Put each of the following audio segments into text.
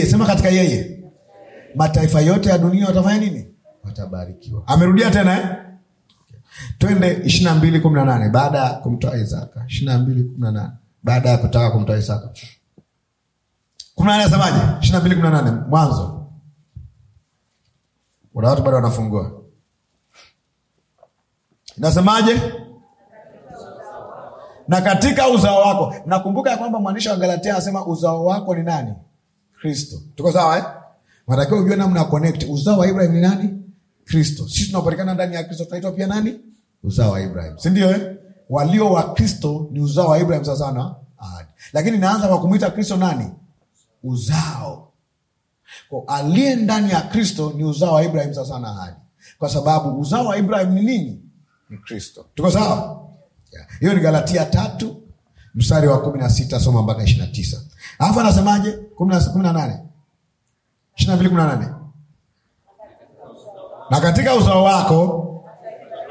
Sema katika yeye mataifa yote ya dunia watafanya nini? Watabarikiwa. Amerudia tena eh? Twende ishirini na mbili kumi na nane baada ya kumtoa Isaka. ishirini na mbili kumi na nane baada ya kutaka kumtoa Isaka. kumi na nane asemaje? ishirini na mbili kumi na nane Mwanzo. Kuna watu bado wanafungua, inasemaje? Na katika uzao wako. Nakumbuka ya kwamba mwandishi wa Galatia anasema uzao wako ni nani? Kristo. Tuko sawa eh? Watakiwa ujue namna ya connect. Uzao wa Ibrahim ni nani? Kristo. Sisi tunapatikana ndani ya Kristo tunaitwa pia nani? Uzao wa Ibrahim. Si ndio eh? Walio wa Kristo ni uzao wa Ibrahim sasa sana. Ah. Lakini naanza kwa kumuita Kristo nani? Uzao. Kwa aliye ndani ya Kristo ni uzao wa Ibrahim sasa na ahadi. Kwa sababu uzao wa Ibrahim ni nini? Ni Kristo. Tuko sawa? Hiyo yeah. Ni Galatia tatu mstari wa kumi na sita soma mpaka ishirini na tisa alafu anasemaje kumi na nane ishirini na mbili kumi na nane na katika uzao wako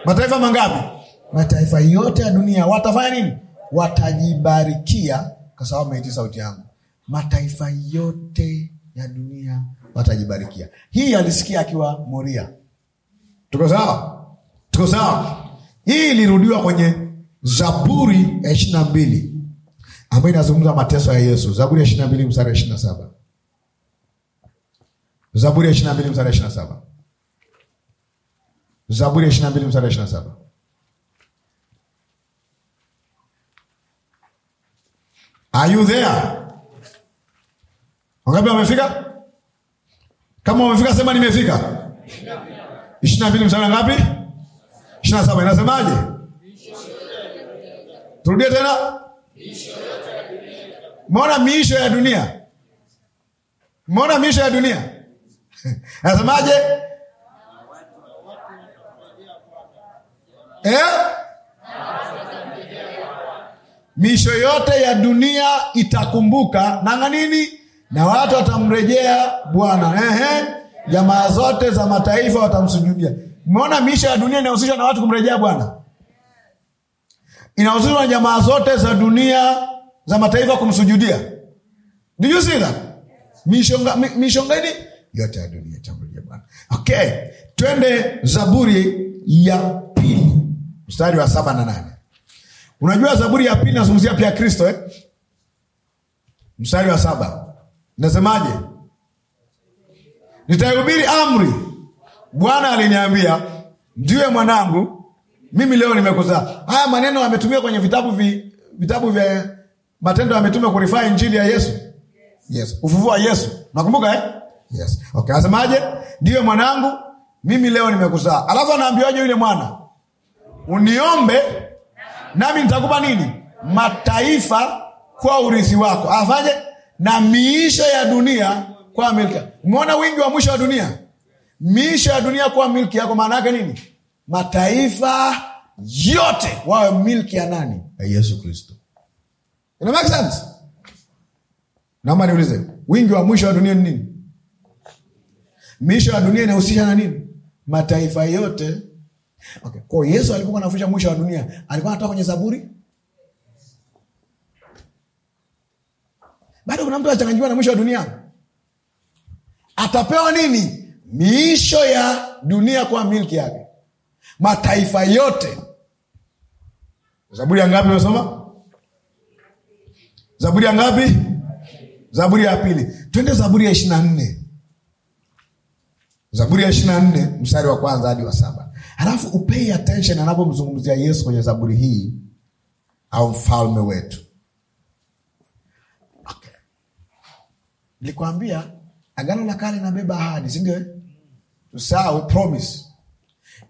mataifa mangapi? Mataifa yote ya dunia watafanya nini? Watajibarikia kwa sababu meiti sauti yangu. Mataifa yote ya dunia watajibarikia. Hii alisikia akiwa Moria. Tuko sawa? Tuko sawa? Hii ilirudiwa kwenye Zaburi ya ishirini na mbili ambayo inazungumza mateso ya Yesu. Zaburi ya ishirini na mbili mstari ishirini na saba Zaburi ya 22 na mbili mstari ishirini saba Zaburi ya 22 na mbili mstari ishirini saba Are you there? Wangapi wamefika? Kama wamefika sema nimefika. ishirini na mbili mstari ngapi? ishirini na saba inasemaje? Turudie tena Mona miisho ya dunia, mona miisho ya dunia nasemaje? eh? miisho yote ya dunia itakumbuka nanga nini, na watu watamrejea Bwana. Ehe, jamaa zote za mataifa watamsujudia. Mona miisho ya dunia inahusishwa na watu kumrejea Bwana inahusishwa na jamaa zote za dunia za mataifa kumsujudia. Did you see that? Mishonga, mishonga yote ya dunia tangulia Bwana. Okay, twende Zaburi ya pili mstari wa saba na nane. Unajua Zaburi ya pili nazungumzia pia Kristo eh? Mstari wa saba nasemaje? Nitaihubiri amri, Bwana aliniambia ndiwe mwanangu mimi leo nimekuzaa. Haya maneno ametumia kwenye vitabu vi, vitabu vya Matendo ya Mitume kurifaa injili ya Yesu, yes. Ufufuo wa Yesu nakumbuka eh? Yes. Okay, asemaje? Ndiyo mwanangu, mimi leo nimekuzaa. Alafu anaambiwaje yule mwana? Uniombe nami nitakupa nini? Mataifa kwa urithi wako. Afanye na miisho ya dunia kwa milki. Umeona wingi wa mwisho wa dunia, miisho ya dunia kwa milki yako, maana yake nini? mataifa yote wawe milki ya nani? Ya Yesu Kristo. Ina make sense? Naomba niulize, wingi wa mwisho wa dunia ni nini? Mwisho wa dunia inahusisha na nini? Mataifa yote. Okay. Kwa Yesu alipokuwa anafundisha mwisho wa dunia alikuwa anatoka kwenye Zaburi. Bado kuna mtu anachanganyikiwa na mwisho wa dunia, atapewa nini? Miisho ya dunia kwa milki yake mataifa yote. Zaburi ya ngapi umesoma? Zaburi ya ngapi? Zaburi ya pili. Twende Zaburi ya ishirini na nne. Zaburi ya ishirini na nne mstari wa kwanza hadi wa saba. Halafu upei attention anapomzungumzia Yesu kwenye zaburi hii au mfalme wetu. Okay. Nilikwambia agano la kale inabeba ahadi, si ndio? Eh? Usahau promise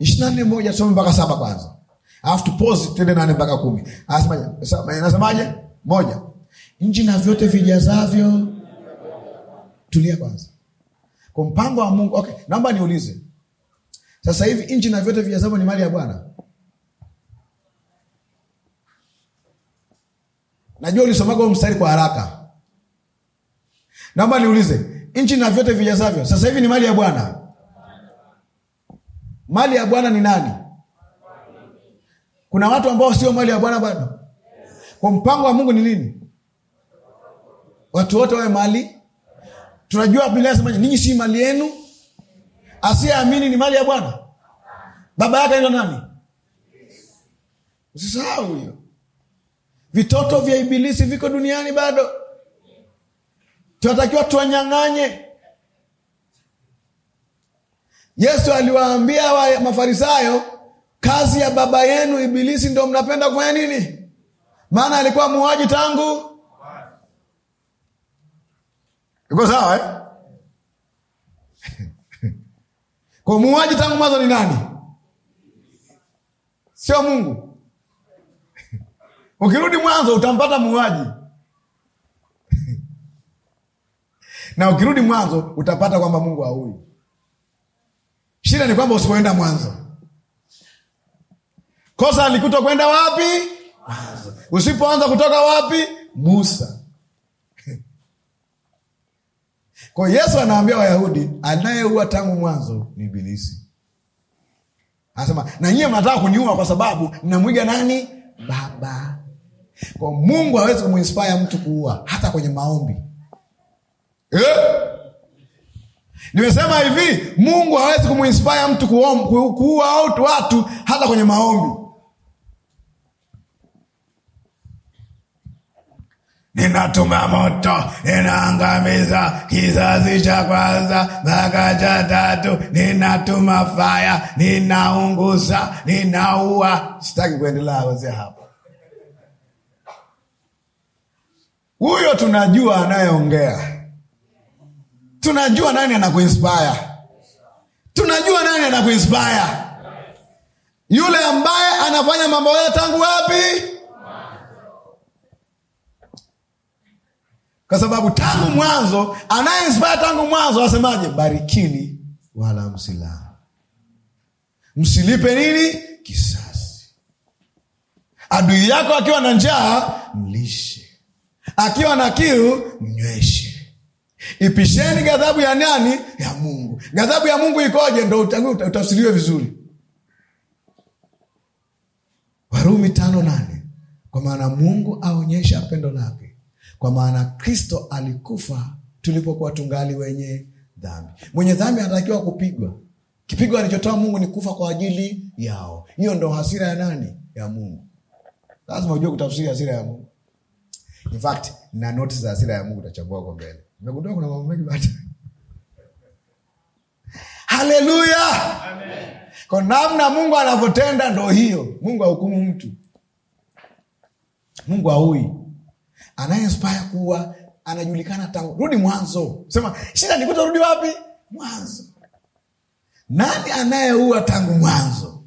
ishirini na nne moja some mpaka saba kwanza, alafu tupozi tuende nane mpaka kumi. Nasemaje? Moja, nchi na vyote vijazavyo. Tulia kwanza kwa mpango wa Mungu. Okay, naomba niulize sasa hivi, nchi na vyote vijazavyo ni mali ya Bwana? Najua ulisomaga mstari kwa haraka. Naomba niulize, nchi na vyote vijazavyo sasa hivi ni mali ya Bwana? Mali ya Bwana ni nani? Kuna watu ambao sio mali ya Bwana bado. Kwa mpango wa Mungu ni nini? Watu wote wawe mali. Tunajua Biblia inasema ninyi si mali yenu. Asiyeamini ni mali ya Bwana. Baba yake anaitwa nani? Usisahau huyo. Vitoto vya Ibilisi viko duniani bado, tunatakiwa tuwanyang'anye yesu aliwaambia wa mafarisayo kazi ya baba yenu ibilisi ndo mnapenda kufanya nini maana alikuwa muuaji tangu iko sawa eh? kwa muuaji tangu mwanzo ni nani sio mungu ukirudi mwanzo utampata muuaji na ukirudi mwanzo utapata kwamba mungu haui Shida ni kwamba usipoenda mwanzo. Kosa alikuta kwenda wapi? Mwanzo. Usipoanza kutoka wapi? Musa. Kwa Yesu anawambia Wayahudi, anayeua tangu mwanzo ni Ibilisi. Anasema na nyie mnataka kuniua kwa sababu mnamwiga nani? Baba. Kwa Mungu hawezi kumuinspire mtu kuua hata kwenye maombi eh? Nimesema hivi, Mungu hawezi kumuinspire mtu kuua utu watu hata kwenye maombi. Ninatuma moto inaangamiza kizazi cha kwanza mpaka cha tatu. Ninatuma faya, ninaunguza, ninaua. Sitaki kuendelea wazee hapa. Huyo tunajua anayeongea tunajua nani anakuinspire tunajua nani anakuinspire yule ambaye anafanya mambo haya tangu wapi kwa sababu tangu mwanzo anayeinspire tangu mwanzo asemaje barikini wala msilaa msilipe nini kisasi adui yako akiwa na njaa mlishe akiwa na kiu mnyweshe Ipisheni ghadhabu ya nani? Ya Mungu. Ghadhabu ya Mungu ikoje? Ndo utafsiriwe vizuri. Warumi tano nane kwa maana Mungu aonyesha pendo lake kwa maana Kristo alikufa tulipokuwa tungali wenye dhambi. Mwenye dhambi anatakiwa kupigwa. Kipigo alichotoa Mungu ni kufa kwa ajili yao. Hiyo ndo hasira ya nani? Ya Mungu. Lazima ujue kutafsiri hasira ya Mungu. In fact, na noti za hasira ya Mungu utachagua kwa mbele. Nimegundua kuna mambo mengi Haleluya! Kwa namna Mungu anavyotenda ndo hiyo. Mungu ahukumu mtu, Mungu aui anayespaya kuwa anajulikana tangu rudi mwanzo. Sema shida ni kuto rudi wapi? Mwanzo. Nani anayeua tangu mwanzo?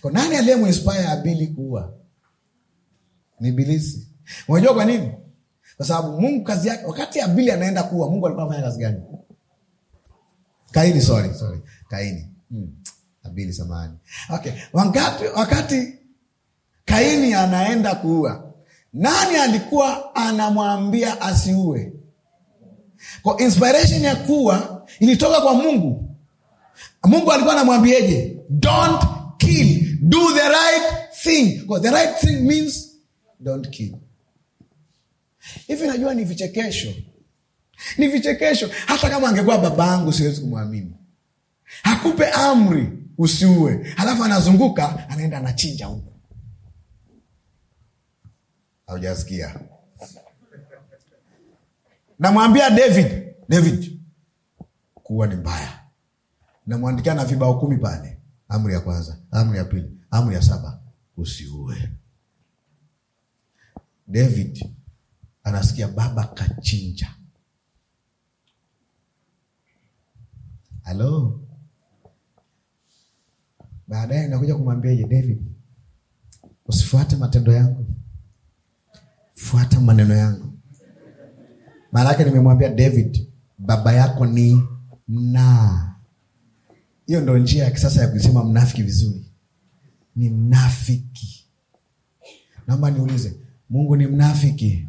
Kwa nani aliyemuinspaya Abili kuua? Ni Ibilisi. Unajua kwa nini? kwa sababu Mungu kazi yake, wakati Abili anaenda kuwa, Mungu alikuwa anafanya kazi gani? Kaini, sorry, sorry, Kaini. Hmm. Abili samani. Okay. Wakati, wakati Kaini anaenda kuua, nani alikuwa anamwambia asiue? Kwa inspiration ya kuwa ilitoka kwa Mungu. Mungu alikuwa anamwambiaje? Don't kill, do the right thing. Kwa the right thing means don't kill hivi. Najua ni vichekesho, ni vichekesho. Hata kama angekuwa baba yangu siwezi kumwamini. Hakupe amri usiue, halafu anazunguka anaenda anachinja huku. aujasikia Namwambia David, David kuwa ni mbaya. Namwandikia na vibao kumi pale, amri ya kwanza, amri ya pili, amri ya saba, usiue. David anasikia baba kachinja. Halo, baadaye nakuja je, David, usifuate matendo yangu, fuata maneno yangu. Maana yake nimemwambia David, baba yako ni mnaa. Hiyo ndo njia ya kisasa ya kusema mnafiki vizuri, ni mnafiki. Naomba niulize, Mungu ni mnafiki?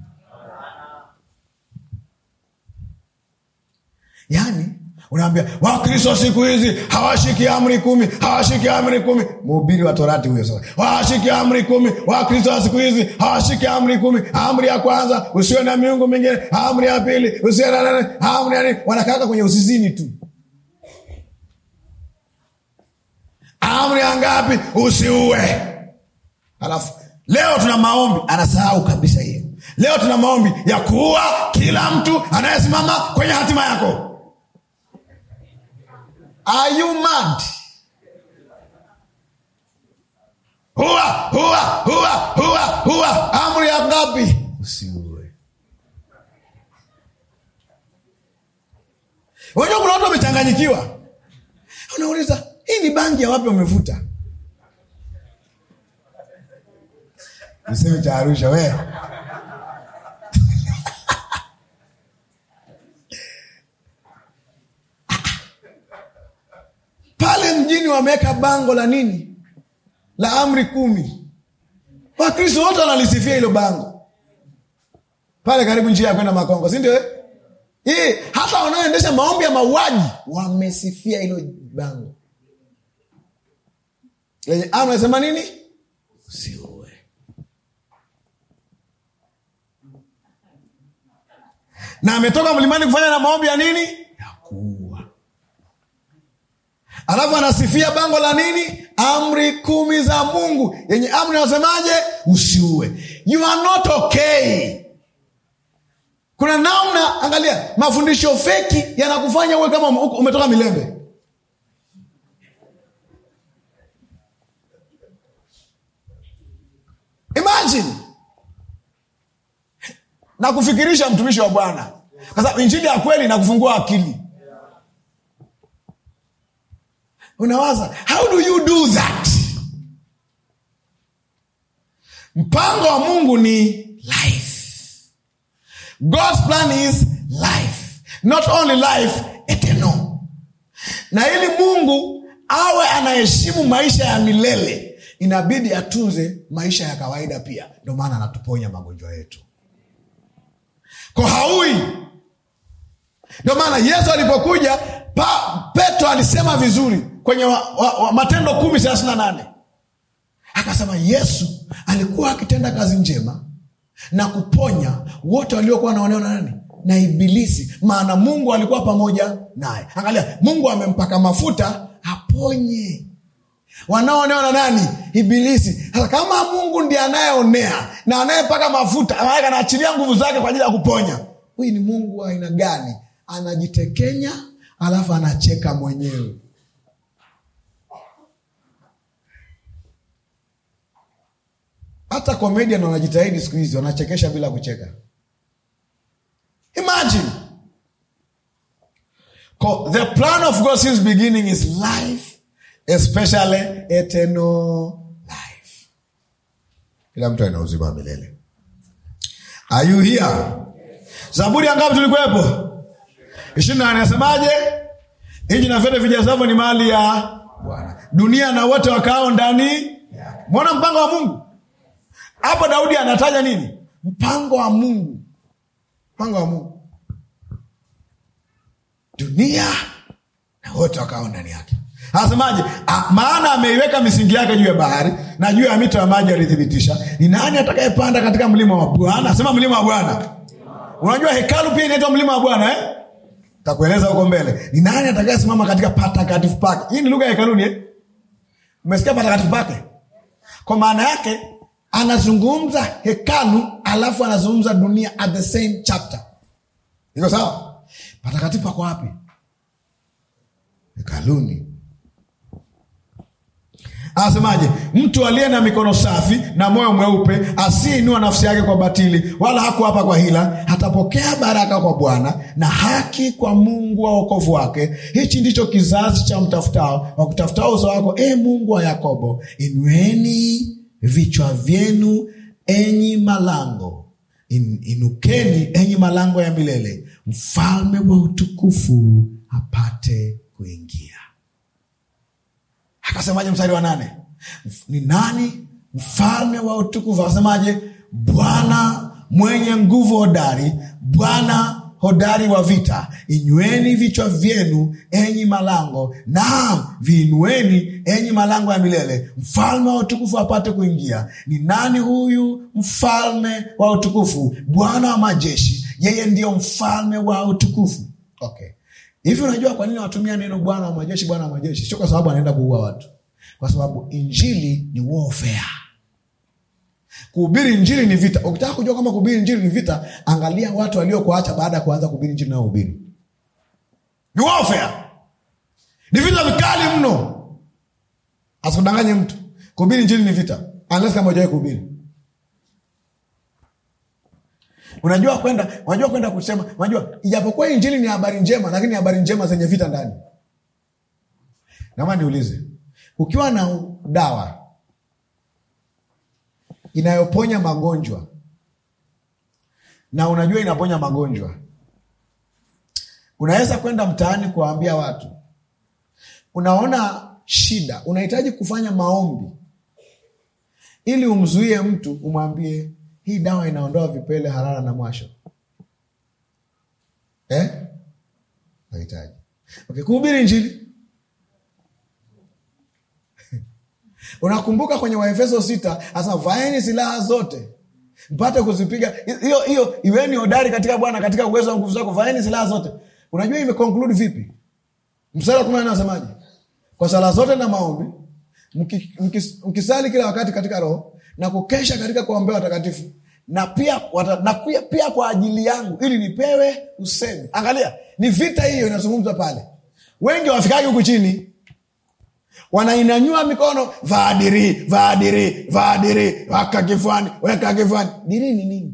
yani unaambia wakristo siku hizi hawashiki amri kumi hawashiki amri kumi mhubiri wa torati huyo sasa hawashiki amri kumi wakristo wa siku hizi hawashiki amri kumi amri ya kwanza usiwe na miungu mingine amri ya pili usiwe na nane amri ya nini wanakaka kwenye usizini tu amri ya ngapi usiue alafu leo tuna maombi anasahau kabisa hiyo leo tuna maombi ya kuua kila mtu anayesimama kwenye hatima yako Are you mad? Hua, hua, hua, hua, hua. Amri ya ngapi? Usiue. Wajua kuna watu wamechanganyikiwa, unauliza hii ni bangi ya wapi wamevuta? Mseme cha Arusha wewe pale mjini wameweka bango la nini la amri kumi. Wakristo wote wanalisifia hilo bango pale karibu njia ya kwenda Makongo, si ndio? Eh, hata wanaoendesha maombi ya mauaji wamesifia hilo bango lenye amri nasema nini, usiue. Na ametoka mlimani kufanya na maombi ya nini ya kuua alafu anasifia bango la nini amri kumi za mungu yenye amri anasemaje usiue you are not okay kuna namna angalia mafundisho feki yanakufanya uwe kama umetoka milembe imagine na kufikirisha mtumishi wa bwana kwa sababu injili ya kweli na kufungua akili unawaza how do you do that mpango wa mungu ni life god's plan is life not only life eteno na ili mungu awe anaheshimu maisha ya milele inabidi atunze maisha ya kawaida pia ndio maana anatuponya magonjwa yetu ko haui ndio maana yesu alipokuja petro alisema vizuri kwenye wa, wa, wa, Matendo kumi thelathini na nane akasema Yesu alikuwa akitenda kazi njema na kuponya wote waliokuwa wanaonewa na nani na Ibilisi, maana Mungu alikuwa pamoja naye. Angalia, Mungu amempaka mafuta aponye wanaoonewa na nani? Ibilisi. Sasa kama Mungu ndiye anayeonea na anayepaka mafuta, anaachilia nguvu zake kwa ajili ya kuponya, huyu ni Mungu wa aina gani? Anajitekenya alafu anacheka mwenyewe. Hata comedian wanajitahidi siku hizi, wanachekesha bila kucheka. Imagine the plan of God since beginning is life, especially eternal life. Kila mtu ana uzima milele. Are you here? Zaburi angapi tulikuwepo? ishirini na nane nasemaje? Nchi na vyote vijazavyo ni mali ya Bwana, dunia na wote wakao ndani. Mwona mpango wa Mungu hapa Daudi anataja nini? Mpango wa Mungu, mpango wa Mungu, dunia na wote wakao ndani yake. Anasemaje? Maana ameiweka misingi yake juu ya bahari na juu ya mito ya maji alithibitisha. Ni nani atakayepanda katika mlima wa Bwana? Sema mlima wa Bwana. Unajua hekalu pia inaitwa mlima wa Bwana eh? Takueleza huko mbele. Ni nani atakayesimama katika patakatifu pake? Hii ni lugha ya hekaluni eh? Umesikia patakatifu pake? Kwa maana yake anazungumza hekalu alafu anazungumza dunia at the same chapter iko sawa patakatifu pako wapi hekaluni anasemaje mtu aliye na mikono safi na moyo mweupe asiinua nafsi yake kwa batili wala hakuapa kwa hila atapokea baraka kwa bwana na haki kwa mungu wa wokovu wake hichi ndicho kizazi cha mtafutao wakutafutao uso wako e mungu wa yakobo inueni vichwa vyenu enyi malango In, inukeni enyi malango ya milele, mfalme wa utukufu apate kuingia. Akasemaje mstari wa nane? Ni nani mfalme wa utukufu? Akasemaje? Bwana mwenye nguvu hodari, Bwana hodari wa vita, inyweni vichwa vyenu enyi malango, naam viinueni enyi malango ya milele, mfalme wa utukufu apate kuingia. Ni nani huyu mfalme wa utukufu? Bwana wa majeshi, yeye ndiyo mfalme wa utukufu. Okay, hivi unajua kwa nini watumia neno Bwana wa majeshi, Bwana wa majeshi? Sio kwa sababu anaenda kuua watu, kwa sababu injili ni warfare. Kuhubiri injili ni vita. Ukitaka kujua kama kuhubiri injili ni vita, angalia watu waliokuacha baada ya kuanza kuhubiri injili na uhubiri. Ni warfare, ni vita vikali mno. Asikudanganye mtu, kuhubiri injili ni vita, unless kama hujawahi kuhubiri. Unajua kwenda, unajua kwenda kusema, unajua ijapokuwa injili ni habari njema, lakini habari njema zenye vita ndani. Naomba niulize, ukiwa na dawa inayoponya magonjwa, na unajua inaponya magonjwa. Unaweza kwenda mtaani kuwaambia watu, unaona shida, unahitaji kufanya maombi ili umzuie mtu, umwambie hii dawa inaondoa vipele, harara na mwasho eh? Nahitaji okay, kuhubiri Injili Unakumbuka kwenye Waefeso sita asema vaeni silaha zote mpate kuzipiga hiyo hiyo, iweni hodari katika Bwana katika uwezo wa nguvu zako, vaeni silaha zote. Unajua imeconclude vipi? msara kumi anasemaje? Kwa sala zote na maombi mkis, mkisali kila wakati katika Roho na kukesha katika kuombea watakatifu na pia wata, na pia, pia kwa ajili yangu ili nipewe usemi. Angalia, ni vita hiyo inazungumzwa pale. Wengi wafikagi huku chini wanainanyua mikono vaa dirii vaa dirii vaa dirii waka kifuani weka kifuani dirii ni nini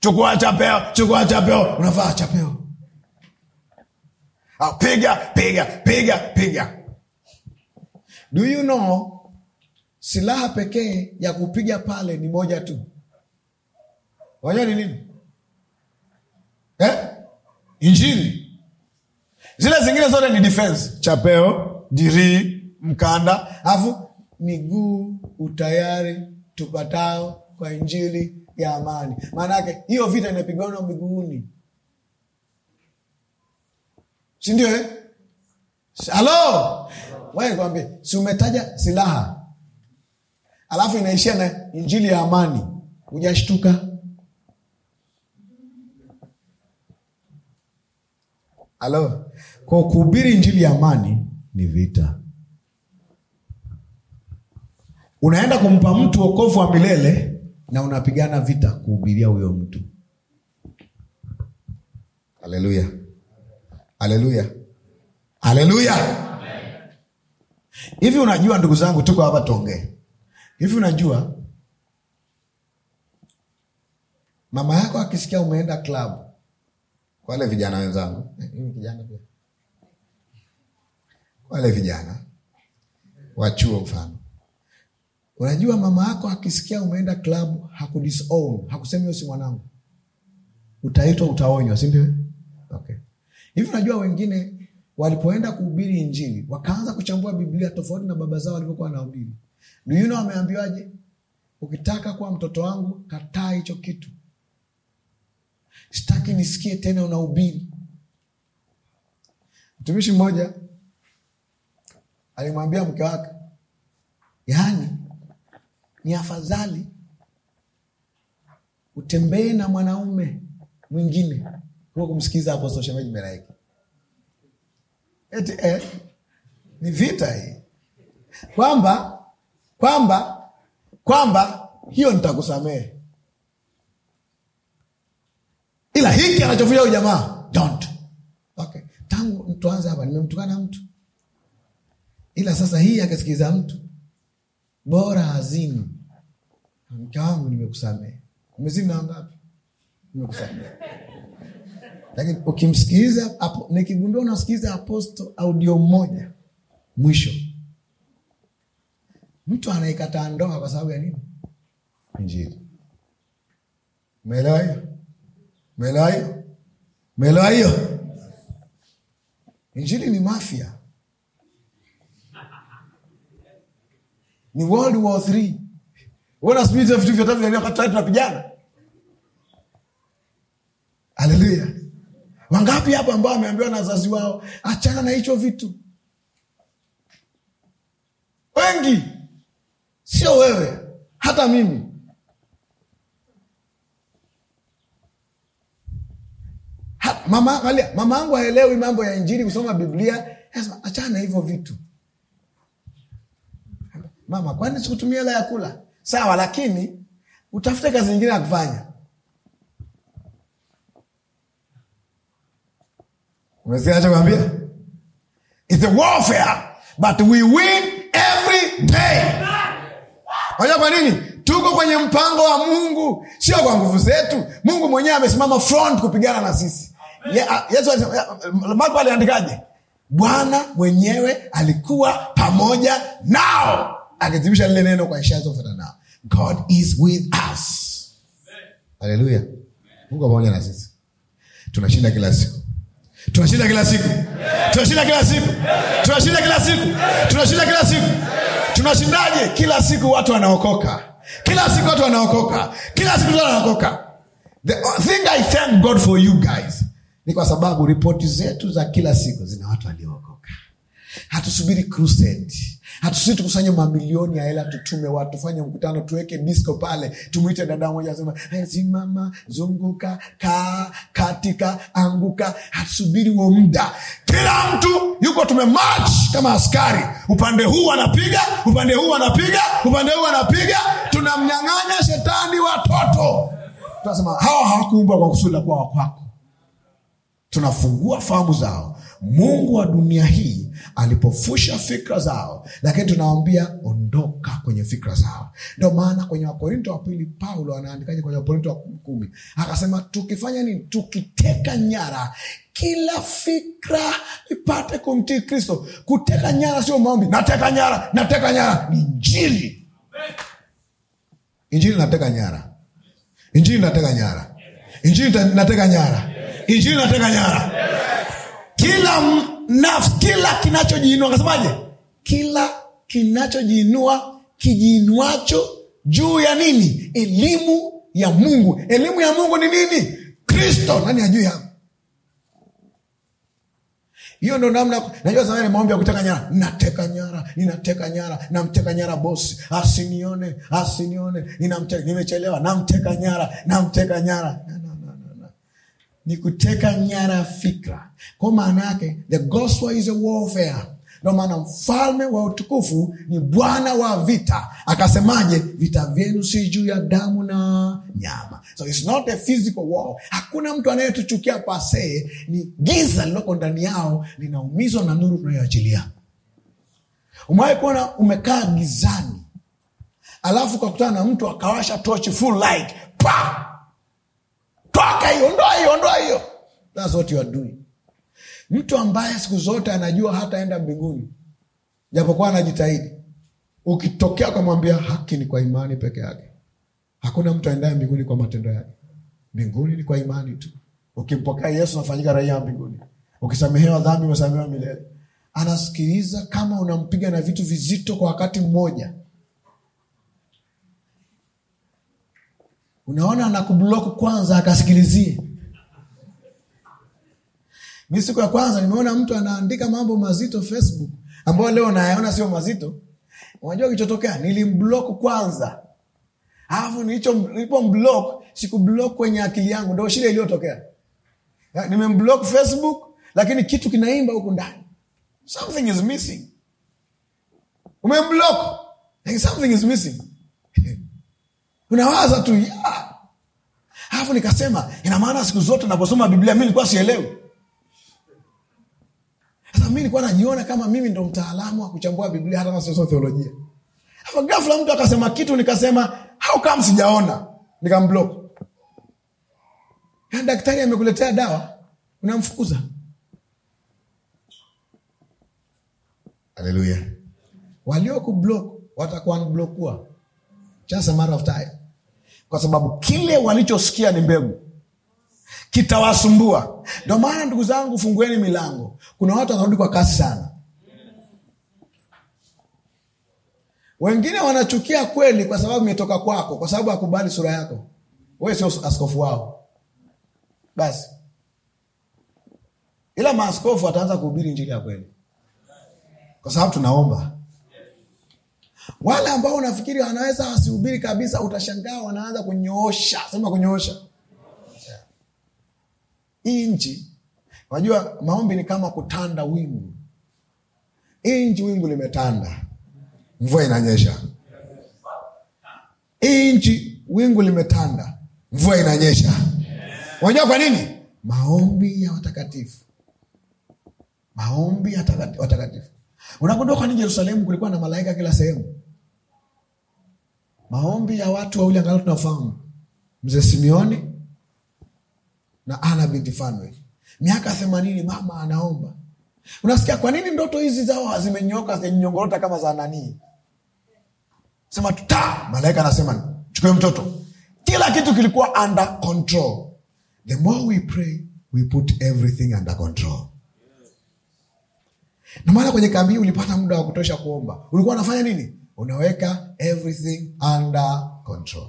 chukua chapeo chukua chapeo unavaa chapeo Au, ah, piga piga piga piga do you know silaha pekee ya kupiga pale ni moja tu wajua ni nini eh? Injili. Zile zingine zote ni defense, chapeo, dirii, mkanda, alafu miguu utayari tupatao kwa injili ya amani. Maana yake hiyo vita inapigana miguuni, si ndio? Eh, halo wewe, kwambie si umetaja silaha alafu inaishia na injili ya amani, hujashtuka Halo, kwa kuhubiri injili ya amani ni vita. Unaenda kumpa mtu wokovu wa milele na unapigana vita kuhubiria huyo mtu. Haleluya, haleluya, haleluya! Hivi unajua, ndugu zangu, tuko hapa tuongee hivi. Unajua mama yako akisikia umeenda klabu wale vijana wenzangu, eh, pia wale vijana wa chuo mfano, unajua mama yako akisikia umeenda klabu hakudisown, hakusemi hiyo si mwanangu, utaitwa, utaonywa, si ndio? Okay. Hivi unajua wengine walipoenda kuhubiri Injili wakaanza kuchambua Biblia tofauti na baba zao walivyokuwa wanahubiri. Do you know Ukitaka kuwa mtoto wangu, kataa hicho kitu, sitaki nisikie tena unahubiri. Mtumishi mmoja alimwambia mke wake, yaani ni afadhali utembee na mwanaume mwingine huo kumsikiliza hapo soshemeji Melaiki. Eti eh, ni vita hii kwamba kwamba kwamba hiyo nitakusamehe ila hiki anachofia ujamaa jamaa don't okay. tangu tuanze hapa nimemtukana mtu ila sasa hii akasikiliza mtu bora hazini mke wangu nimekusamehe umezini na wangapi nimekusamehe lakini ukimsikiliza nikigundua unasikiliza aposto audio mmoja mwisho mtu anaikataa ndoa kwa sababu ya nini injili umeelewa hiyo Umeelewa hiyo? Umeelewa hiyo? Injili ni mafia, ni World War 3. Uona sijui hizo vitu vyote vinaliwa, tunapigana. Haleluya! Wangapi hapa ambao wameambiwa na wazazi wao achana na hicho vitu? Wengi, sio wewe, hata mimi mama yangu mambo ya Injili, kusoma Biblia. Sasa achana hivyo vitu mama, kwani sikutumia hela ya kula? Sawa, lakini utafute kazi nyingine ya kufanya. Umesikia It's a warfare but we win every day. waja kwa nini? Tuko kwenye mpango wa Mungu, sio kwa nguvu zetu. Mungu mwenyewe amesimama front kupigana na sisi. Ah, yesu marko aliandikaje bwana mwenyewe alikuwa pamoja nao akithibitisha lile neno kwa ishara zofuatanao god is with us haleluya mungu pamoja na sisi tunashinda kila siku tunashinda kila siku tunashinda kila siku tunashinda kila siku tunashinda kila siku tunashindaje kila siku watu wanaokoka kila siku watu wanaokoka kila siku watu wanaokoka the thing i thank god for you guys ni kwa sababu ripoti zetu za kila siku zina watu waliookoka. Hatusubiri crusade, hatusubiri tukusanye mamilioni ya hela, tutume watu, tufanye mkutano, tuweke disco pale, tumwite dada moja asema eh, simama, zunguka, kaa, katika, anguka. Hatusubiri huo muda, kila mtu yuko tumemarch kama askari, upande huu anapiga, upande huu anapiga, upande huu anapiga, tunamnyang'anya shetani watoto. Tunasema hawa hawakuumbwa kwa kusudi la kuwa wakwako tunafungua fahamu zao. Mungu wa dunia hii alipofusha fikra zao, lakini tunawambia ondoka kwenye fikra zao. Ndio maana kwenye Wakorinto wa pili Paulo anaandikaje kwenye Wakorinto wa kumi? Akasema tukifanya nini? Tukiteka nyara kila fikra ipate kumtii Kristo. Kuteka nyara sio maombi, nateka nyara, nateka nyara, ni Injili. Injili nateka nyara, Injili nateka nyara, Injili nateka nyara injili nateka nyara kila naf, kila kinachojiinua kasemaje? Kila kinachojiinua kijiinuacho juu ya nini? Elimu ya Mungu. Elimu ya Mungu ni nini? Kristo. Nani ajui hapo? hiyo ndo namna najua zamani maombi ya kuteka nyara, nateka nyara, ninateka nyara, namteka nyara bosi, asinione, asinione, nimechelewa, namteka nyara, namteka nyara ni kuteka nyara fikra. Kwa maana yake the gospel is a warfare. Ndo maana mfalme wa utukufu ni Bwana wa vita. Akasemaje? vita vyenu si juu ya damu na nyama, so it's not a physical war. Hakuna mtu anayetuchukia pasee, ni giza liloko ndani yao linaumizwa na nuru tunayoachilia. Umewahi kuona umekaa gizani alafu kakutana na mtu akawasha tochi full light pa mpaka iondoa hiyo, ondoa hiyo. That's what you are doing. Mtu ambaye siku zote anajua hataenda mbinguni japokuwa anajitahidi, ukitokea ukamwambia haki ni kwa imani peke yake, hakuna mtu aendaye mbinguni kwa matendo yake. Mbinguni ni kwa imani tu. Ukimpokea Yesu nafanyika raia mbinguni, ukisamehewa dhambi umesamehewa milele. Anasikiliza kama unampiga na vitu vizito kwa wakati mmoja unaona anakublock kwanza akasikilizie mi siku ya kwanza nimeona mtu anaandika mambo mazito facebook ambayo leo nayaona sio mazito unajua kilichotokea nilimblock kwanza alafu nilipo nilipomblock sikublock kwenye akili yangu ndo shida iliyotokea nimemblock facebook lakini kitu kinaimba huku ndani something is missing umemblock like something is missing unawaza tu alafu nikasema ina maana siku zote naposoma biblia mi nilikuwa sielewi sasa mi nilikuwa najiona kama mimi ndo mtaalamu wa kuchambua biblia hata nasoso theolojia afu gafula mtu akasema kitu nikasema how come sijaona nikamblok yaani daktari amekuletea dawa unamfukuza haleluya blok watakuanblokua just a matter of time kwa sababu kile walichosikia ni mbegu kitawasumbua. ndo maana ndugu zangu, fungueni milango. Kuna watu wanarudi kwa kasi sana, wengine wanachukia kweli, kwa sababu imetoka kwako, kwa sababu hakubali sura yako. Wewe sio askofu wao basi, ila maaskofu wataanza kuhubiri injili ya kweli, kwa sababu tunaomba wale ambao unafikiri wanaweza wasihubiri kabisa, utashangaa wanaanza kunyoosha. Sema kunyoosha hii nchi. Unajua, maombi ni kama kutanda wingu. Hii nchi wingu limetanda, mvua inanyesha. Hii nchi wingu limetanda, mvua inanyesha. Unajua kwa nini? Maombi ya watakatifu, maombi ya watakatifu Unagundua kwa nini Yerusalemu kulikuwa na malaika kila sehemu? Maombi ya watu wawili angalau tunafahamu, mzee Simeoni na Ana binti Fanueli, miaka themanini, mama anaomba. Unasikia kwa nini ndoto hizi zao hazimenyoka zinyongorota kama za nanii? Sema tuta, malaika anasema chukue mtoto. Kila kitu kilikuwa under control. The more we pray, we put everything under control. Ndio maana kwenye kambi ulipata muda wa kutosha kuomba. Ulikuwa unafanya nini? Unaweka everything under control.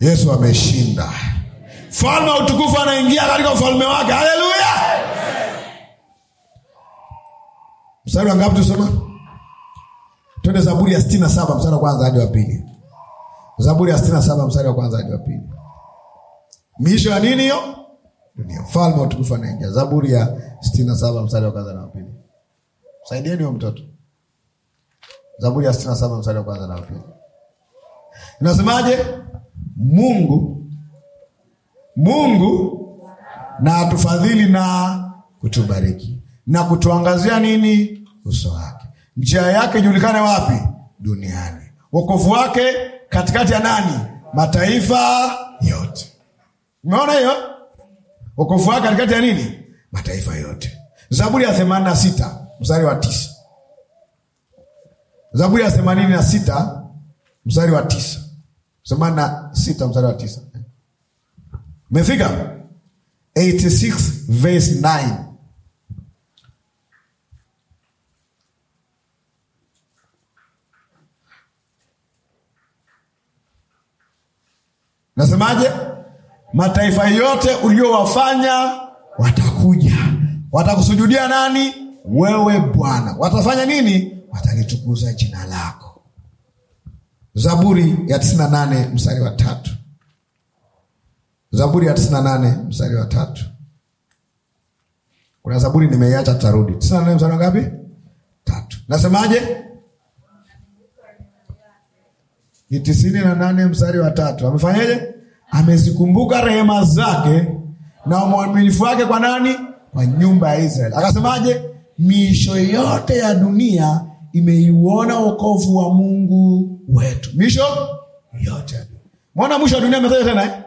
Yesu ameshinda. falme wa utukufu anaingia katika ufalme wake. Haleluya! Mstari wangapi tusoma? Twende Zaburi ya sitini na saba msari wa kwanza hadi wa pili. Zaburi ya sitini na saba msari wa kwanza hadi wa pili. Miisho ya nini hiyo? Dunia. Mfalme wa utukufu anaingia. Zaburi ya sitini na saba msari wa kwanza na wa pili. Saidieni huyo mtoto. Zaburi ya sitini na saba mstari wa kwanza na pili inasemaje? Mungu Mungu na atufadhili na kutubariki na kutuangazia nini? Uso wake. Njia yake ijulikane wapi? Duniani. Wokovu wake katikati ya nani? Mataifa yote. Umeona hiyo? Wokovu wake katikati ya nini? Mataifa yote. Zaburi ya themanini na sita mstari wa tisa Zaburi ya themanini na sita mstari wa tisa themanini na sita mstari wa tisa Mefika 86 verse 9 Nasemaje? Mataifa yote uliowafanya watakuja, watakusujudia nani? wewe Bwana. Watafanya nini? Watalitukuza jina lako. Zaburi ya tisini nane mstari wa tatu. Zaburi ya tisini nane mstari wa tatu. Kuna zaburi nimeiacha, tutarudi. tisini nane mstari wa ngapi? Tatu. Nasemaje? ni tisini na nane mstari wa tatu. Amefanyaje? Amezikumbuka rehema zake na umwaminifu wake kwa nani? Kwa nyumba ya Israeli. Akasemaje? miisho yote ya dunia imeiona wokovu wa Mungu wetu. Miisho yote Mwana mwisho wa dunia umetaja tena eh?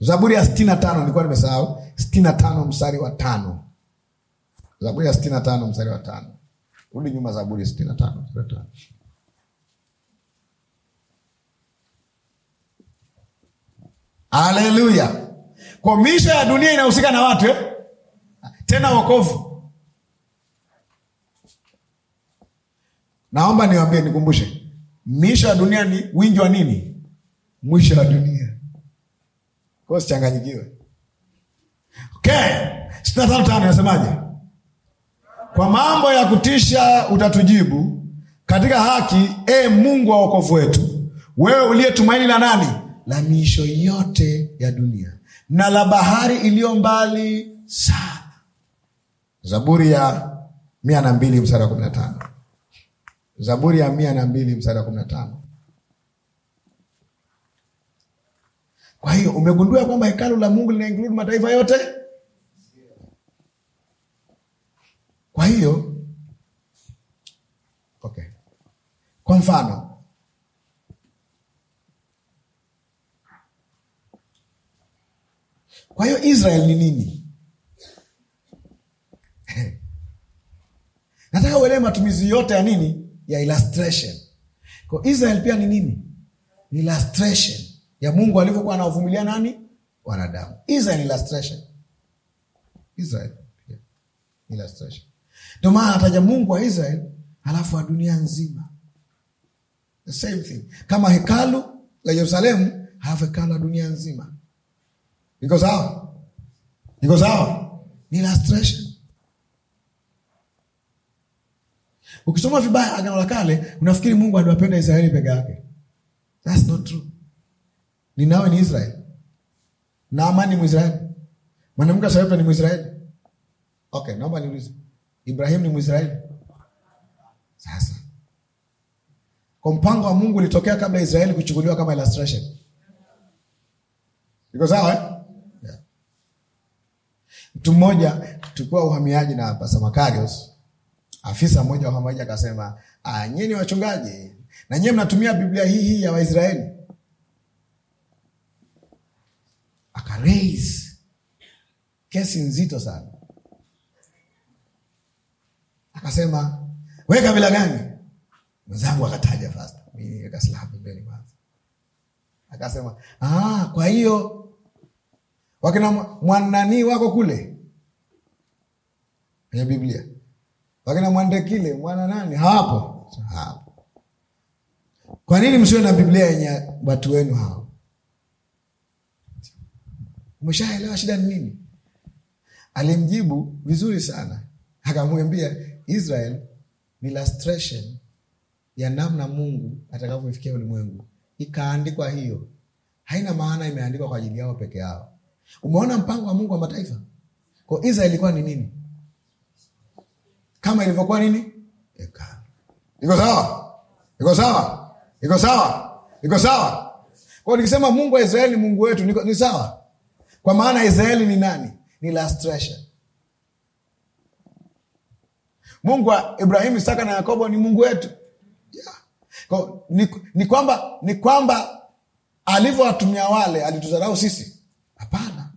Zaburi ya sitini na tano nilikuwa nimesahau, sitini na tano mstari wa tano. Zaburi ya sitini na tano mstari wa tano. Rudi nyuma, Zaburi sitini na tano mstari wa tano. Haleluya! Kwa miisho ya dunia inahusika na watu eh? tena wokovu. Naomba niwambie nikumbushe, miisho ya dunia ni wingi wa nini? Mwisho wa dunia, kwa sichanganyikiwe. Okay, sitini na tano tano Kwa mambo ya kutisha utatujibu katika haki, e Mungu wa wokovu wetu, wewe uliye tumaini la nani? La miisho yote ya dunia na la bahari iliyo mbali sana Zaburi ya mia na mbili mstari wa kumi na tano Zaburi ya mia na mbili mstari wa kumi na tano Kwa hiyo umegundua kwamba hekalu la Mungu lina include mataifa yote. Kwa hiyo okay, kwa mfano kwa hiyo Israel ni nini? nataka uelewe matumizi yote ya nini ya illustration kwa Israel pia ni nini ni illustration ya Mungu alivyokuwa anawavumilia nani wanadamu Israel illustration Israel yeah. illustration ndio maana anataja Mungu wa Israel halafu wa dunia nzima the same thing kama hekalu la Yerusalemu halafu hekalu la dunia nzima iko sawa iko sawa ni illustration Ukisoma vibaya Agano la Kale unafikiri Mungu aliwapenda Israeli peke yake. That's not true. nawe ni Israeli. Naamani ni Mwisraeli. Mwanamke wa ni Mwisraeli. Okay, naomba niulize. Ibrahimu ni Mwisraeli? Sasa kwa mpango wa Mungu ulitokea kabla Israeli kuchukuliwa kama illustration. Iko sawa eh? Mtu yeah, mmoja tukuwa uhamiaji na Pastor Makarios Afisa mmoja wa hamaji akasema, ah, nyie ni wachungaji na nyie mnatumia Biblia hii hii ya Waisraeli. Akaraise kesi nzito sana, akasema we kabila gani? Mwenzangu akataja fast, weka silaha pembeni kwanza, akasema ah, kwa hiyo wakina mwananii wako kule kwenye Biblia lakini amwandekile mwana nani hapo hapo. Kwa nini msiwe na Biblia yenye watu wenu hao? Umeshaelewa shida ni nini? Alimjibu vizuri sana, akamwambia Israel ni illustration ya namna Mungu atakavyofikia ulimwengu. Ikaandikwa hiyo, haina maana imeandikwa kwa ajili yao peke yao. Umeona mpango wa Mungu wa mataifa kwa Israel ilikuwa ni nini? kama ilivyokuwa nini hekalu. Iko sawa? Iko sawa? Iko sawa? Iko sawa? Kwao nikisema Mungu wa Israeli Mungu wetu ni sawa, kwa maana Israeli ni nani? Ni illustration. Mungu wa Ibrahimu, Isaka na Yakobo ni Mungu wetu yeah. Kwa, ni, ni kwamba ni kwamba alivyowatumia wale alituzarau sisi? Hapana.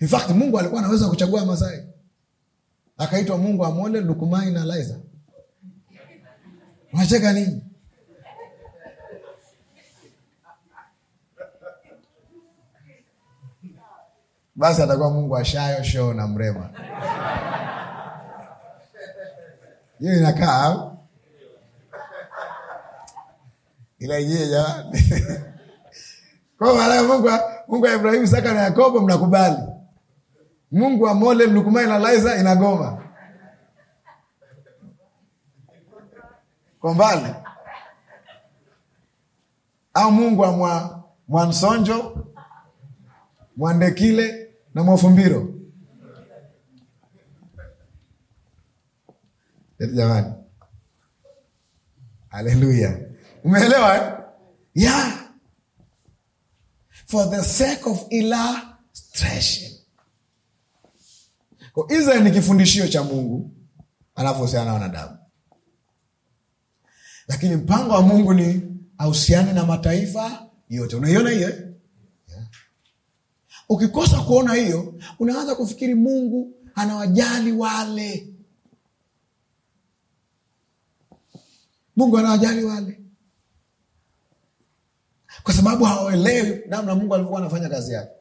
In fact Mungu alikuwa anaweza kuchagua Masai akaitwa Mungu amwone lukumai na Laiza. Unacheka nini? Basi atakuwa Mungu ashayo shoo na mrema. Hiyo inakaa ila yeye jamani. Kwa maana Mungu Mungu wa Ibrahimu, Isaka na Yakobo mnakubali. Mungu amole Mlukumani na inagoma kwa mbali, au Mungu amwa Mwansonjo, Mwandekile na Mwafumbiro. Jamani, haleluya! Umeelewa ya eh? yeah. For the sake of illustration Israeli ni kifundishio cha Mungu anavyohusiana na wanadamu, lakini mpango wa Mungu ni ahusiane na mataifa yote. Unaiona hiyo eh? yeah. Ukikosa kuona hiyo, unaanza kufikiri Mungu anawajali wale, Mungu anawajali wale kwa sababu hawaelewi namna Mungu alivyokuwa anafanya kazi yake.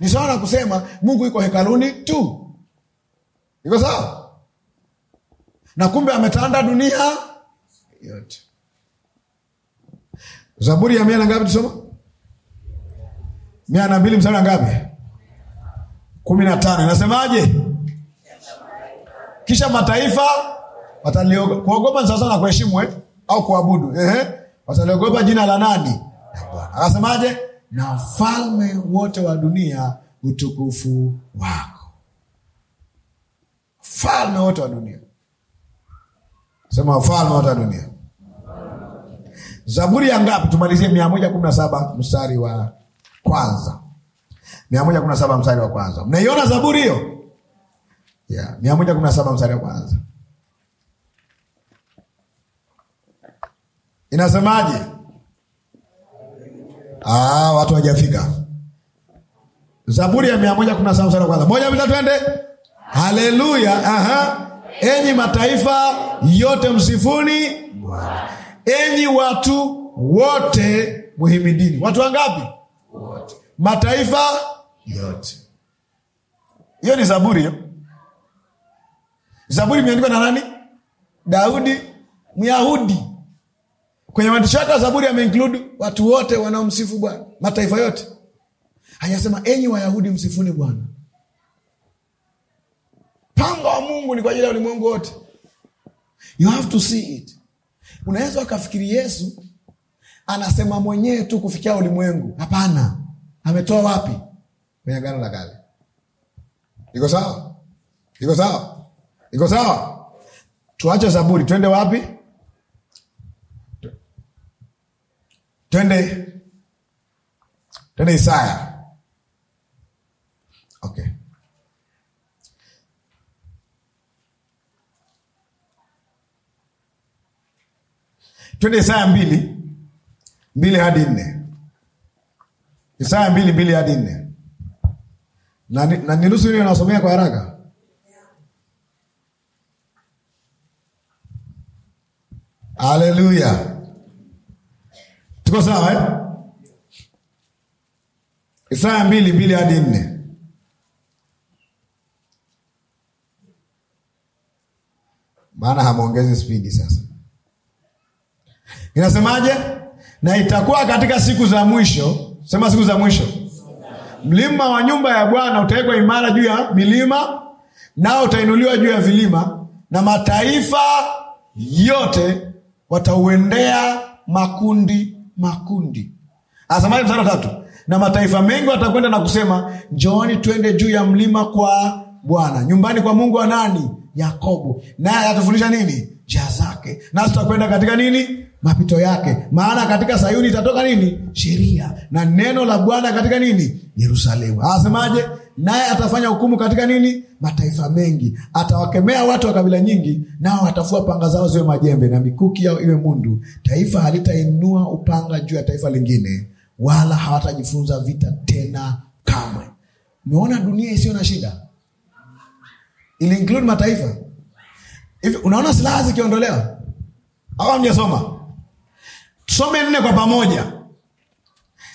Ni sawa na kusema Mungu iko hekaluni tu, iko sawa na kumbe ametanda dunia yote. Zaburi ya mia na ngapi tusoma? mia na mbili mstari ngapi? kumi na tano inasemaje? Kisha mataifa wataliogopa, kuogopa sasa na kuheshimu eh? au kuabudu eh? wataliogopa jina la nani? Akasemaje? na wafalme wote wa dunia utukufu wako. Wafalme wote wa dunia, sema wafalme wote wa dunia. Zaburi ya ngapi? Tumalizie mia moja kumi na saba mstari wa kwanza. Mia moja kumi na saba mstari wa kwanza. Mnaiona zaburi hiyo? Yeah, mia moja kumi na saba mstari wa kwanza inasemaje? Ah, watu wajafika Zaburi ya mia moja kumi na saba mstari wa kwanza. Moja bila twende. Haleluya. Aha. Enyi mataifa yote msifuni Bwana. Enyi watu wote muhimidini. Watu wangapi? Wote. Mataifa yote. Hiyo ni zaburi hiyo. Zaburi imeandikwa na nani? Daudi Myahudi. Kwenye maandishi yake wa Zaburi ameinclude watu wote wanaomsifu Bwana, mataifa yote. Hajasema enyi Wayahudi msifuni Bwana. Mpango wa Mungu ni kwa ajili ya ulimwengu wote. You have to see it. Unaweza ukafikiri Yesu anasema mwenyewe tu kufikia ulimwengu. Hapana, ametoa wapi? Kwenye Agano la Kale. Iko sawa? Iko sawa? Iko sawa? Tuache Zaburi, twende wapi? Twende twende Isaya. Okay. Twende Isaya mbili mbili hadi nne. Isaya mbili mbili hadi nne. Na, na niruhusu hiyo nasomea kwa haraka. Hallelujah. Tuko sawa eh? Isaya mbili mbili hadi nne. Maana hamwongezi spidi sasa. Inasemaje? Na itakuwa katika siku za mwisho, sema siku za mwisho, mlima wa nyumba ya Bwana utawekwa imara juu ya milima, nao utainuliwa juu ya vilima, na mataifa yote watauendea makundi makundi. Asamani mstari wa tatu, na mataifa mengi watakwenda na kusema, njooni twende juu ya mlima kwa Bwana, nyumbani kwa Mungu wa nani? Yakobo, naye atufundisha nini? Njia zake, nasi tutakwenda katika nini? Mapito yake. Maana katika Sayuni itatoka nini? Sheria na neno la Bwana katika nini? Yerusalemu. Asemaje? naye atafanya hukumu katika nini? Mataifa mengi. Atawakemea watu wa kabila nyingi, nao watafua panga zao ziwe majembe na mikuki yao iwe mundu. Taifa halitainua upanga juu ya taifa lingine, wala hawatajifunza vita tena kamwe. Umeona dunia isiyo na shida ili include mataifa hivi. Unaona silaha zikiondolewa, au hamjasoma? Tusome nne kwa pamoja.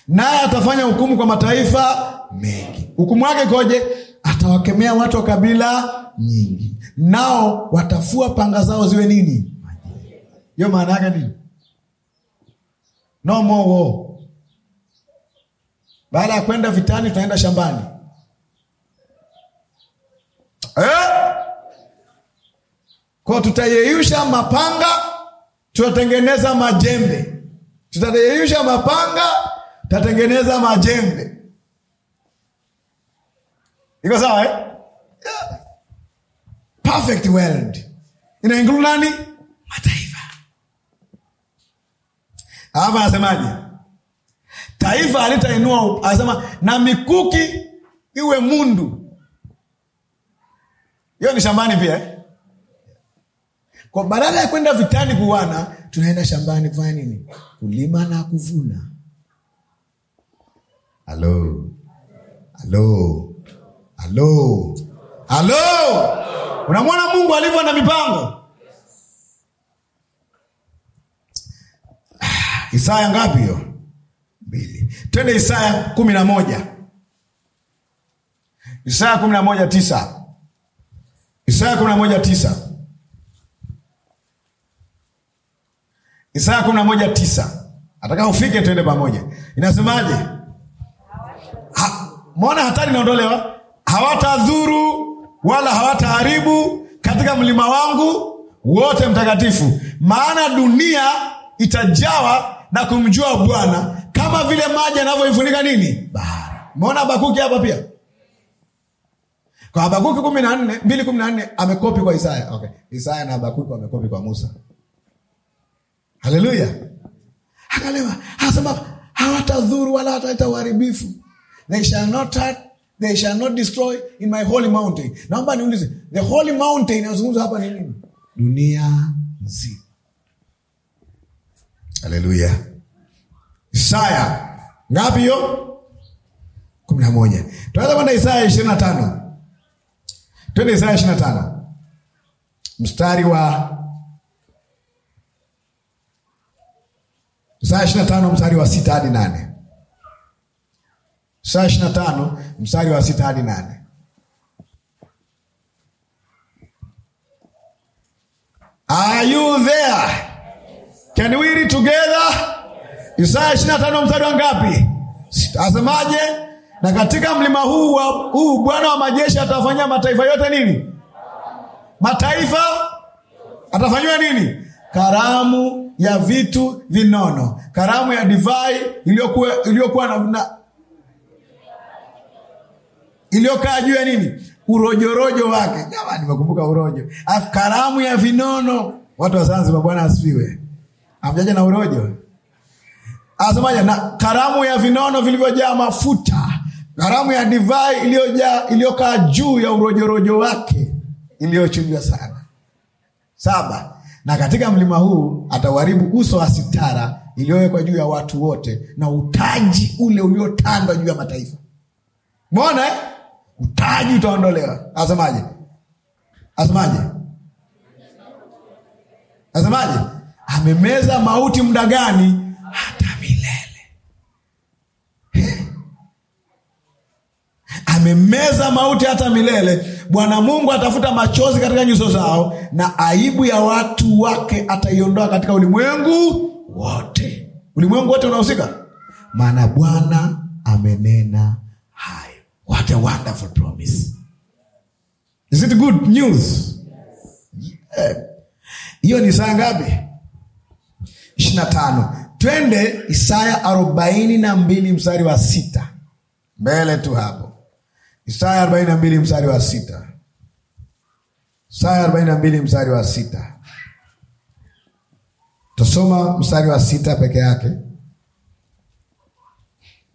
Naye atafanya hukumu kwa mataifa mengi hukumu yake ikoje? Atawakemea watu wa kabila nyingi, nao watafua panga zao ziwe nini? Hiyo maana yake nini? No Baada ya kwenda vitani, tunaenda shambani eh? Kwa tutayeyusha mapanga, tutatengeneza majembe. Tutayeyusha mapanga, tutatengeneza majembe iko sawa eh? yeah. perfect world ina nani mataifa alafu anasemaje taifa alitainua anasema na mikuki iwe mundu hiyo ni shambani pia eh? kwa badala ya kwenda vitani kuwana tunaenda shambani kufanya nini kulima na kuvuna halo halo halo halo, unamwona Mungu alivyo na mipango. Ah, Isaya ngapi hiyo? Mbili. Twende Isaya kumi na moja. Isaya kumi na moja tisa. Isaya kumi na moja tisa. Isaya kumi na moja tisa. Ataka ufike, twende pamoja. Inasemaje? Ha, mwona hatari inaondolewa hawatadhuru wala hawataharibu katika mlima wangu wote mtakatifu, maana dunia itajawa na kumjua Bwana kama vile maji yanavyoifunika nini bahari. Umeona Habakuki hapa pia kwa Habakuki kumi na nne mbili kumi na nne amekopi kwa Isaya. Okay, Isaya na Habakuki wamekopi kwa Musa. Haleluya! Akalewa anasema hawatadhuru wala hataleta uharibifu, they shall not hurt they shall not destroy in my holy mountain naomba niulize the holy mountain inayozungumzwa hapa ni nini dunia nzima haleluya isaya ngapi hiyo kumi na moja tunaweza kwenda isaya ishirini na tano twende isaya ishirini na tano mstari wa isaya ishirini na tano mstari wa sita hadi nane saa ishirini na tano mstari wa sita hadi nane. Are you there? Can we read together? Isaya ishirini na tano mstari wa ngapi? Asemaje? Na katika mlima huu huu Bwana wa majeshi atafanyia mataifa yote nini? Mataifa atafanyiwa nini? Karamu ya vitu vinono, karamu ya divai iliyokuwa na iliyokaa juu ya nini? Urojorojo wake. Jamani, nimekumbuka urojo, alafu karamu ya vinono. Watu wa Zanzibar, Bwana asifiwe, amjaja na urojo Asemaje? Na karamu ya vinono vilivyojaa mafuta, karamu ya divai iliyojaa iliyokaa juu ya urojorojo wake, iliyochujwa sana. Saba, na katika mlima huu atauharibu uso wa sitara iliyowekwa juu ya watu wote, na utaji ule uliotandwa juu ya mataifa. Mwona eh? Utaji utaondolewa. Asemaje? Asemaje? Asemaje? Amemeza mauti muda gani? Hata milele. Amemeza mauti hata milele. Bwana Mungu atafuta machozi katika nyuso zao, na aibu ya watu wake ataiondoa katika ulimwengu wote. Ulimwengu wote unahusika, maana Bwana amenena What a wonderful promise. Is it good news? Eh, hiyo eh, ni saa ngapi? ishirini na tano. Twende Isaya arobaini na mbili mstari wa sita mbele tu hapo. Isaya arobaini na mbili mstari wa sita. Isaya arobaini na mbili mstari wa sita. Tasoma mstari wa sita peke yake.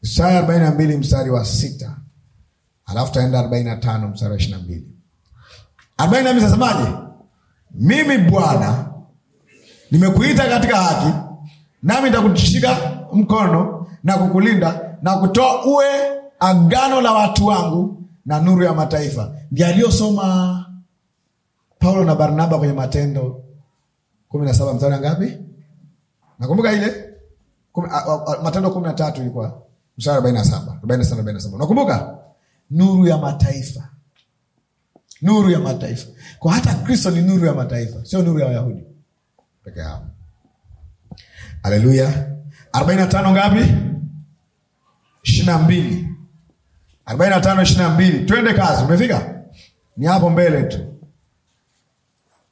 Isaya arobaini na mbili mstari wa sita alafu taenda 45 na tano mstari wa ishirini na nasemaje? Mimi Bwana nimekuita katika haki, nami nitakushika mkono na kukulinda na kutoa uwe agano la watu wangu na nuru ya mataifa. Ndio aliyosoma Paulo na Barnaba kwenye Matendo kumi na saba mstari ngapi? Nakumbuka ile Matendo kumi na tatu ilikuwa mstari arobaini na saba Nakumbuka? na nuru ya mataifa, nuru ya mataifa. Kwa hata Kristo ni nuru ya mataifa, sio nuru ya Wayahudi peke yao. arobaini na tano ngapi? ishirini na mbili arobaini na tano ishirini na mbili Twende kazi, umefika? Ni hapo mbele tu.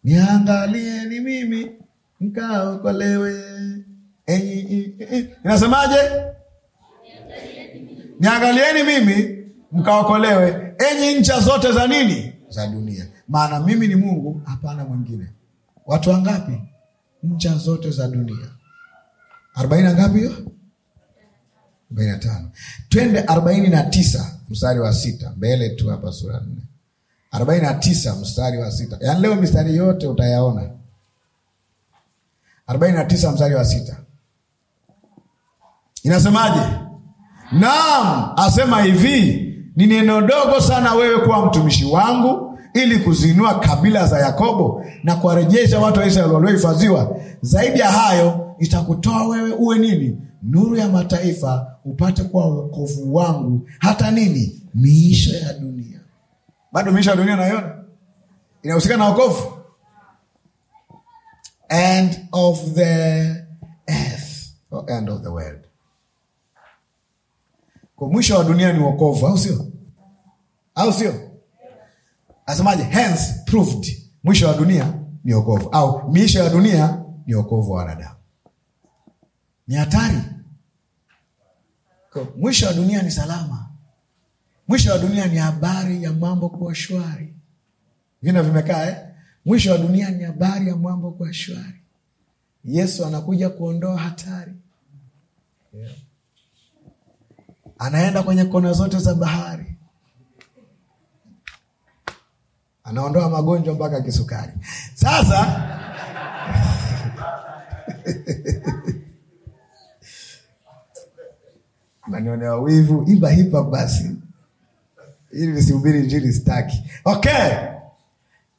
Niangalie ni mimi nkaokolewe eh, eh, eh, Inasemaje? Niangalieni mimi mkaokolewe, enyi ncha zote za nini, za dunia, maana mimi ni Mungu, hapana mwingine. Watu wangapi? Ncha zote za dunia. arobaini na ngapi hiyo? arobaini na tano. Twende arobaini na tisa mstari wa sita mbele tu hapa, sura nne arobaini na tisa mstari wa sita Yaani leo mistari yote utayaona. arobaini na tisa mstari wa sita inasemaje? Naam, asema hivi ni neno dogo sana wewe kuwa mtumishi wangu ili kuziinua kabila za Yakobo na kuwarejesha watu wa Israeli waliohifadhiwa. Zaidi ya hayo, itakutoa wewe uwe nini? Nuru ya mataifa, upate kuwa wokovu wangu hata nini? Miisho ya dunia. Bado miisho ya dunia naiona inahusika na wokovu. End of the earth or end of the world. Kwa mwisho wa dunia ni wokovu, au sio? Au sio? Asemaje? Hence proved, mwisho wa dunia ni wokovu, au miisho ya dunia ni wokovu wa wanadamu. Ni hatari. Mwisho wa dunia ni salama. Mwisho wa dunia ni habari ya mambo kuwa shwari. Vina vimekaa eh? Mwisho wa dunia ni habari ya mambo kuwa shwari. Yesu anakuja kuondoa hatari, yeah anaenda kwenye kona zote za bahari, anaondoa magonjwa mpaka kisukari. Sasa nanionewa wivu, imba hipa basi, ili nisihubiri Injili, sitaki. Okay,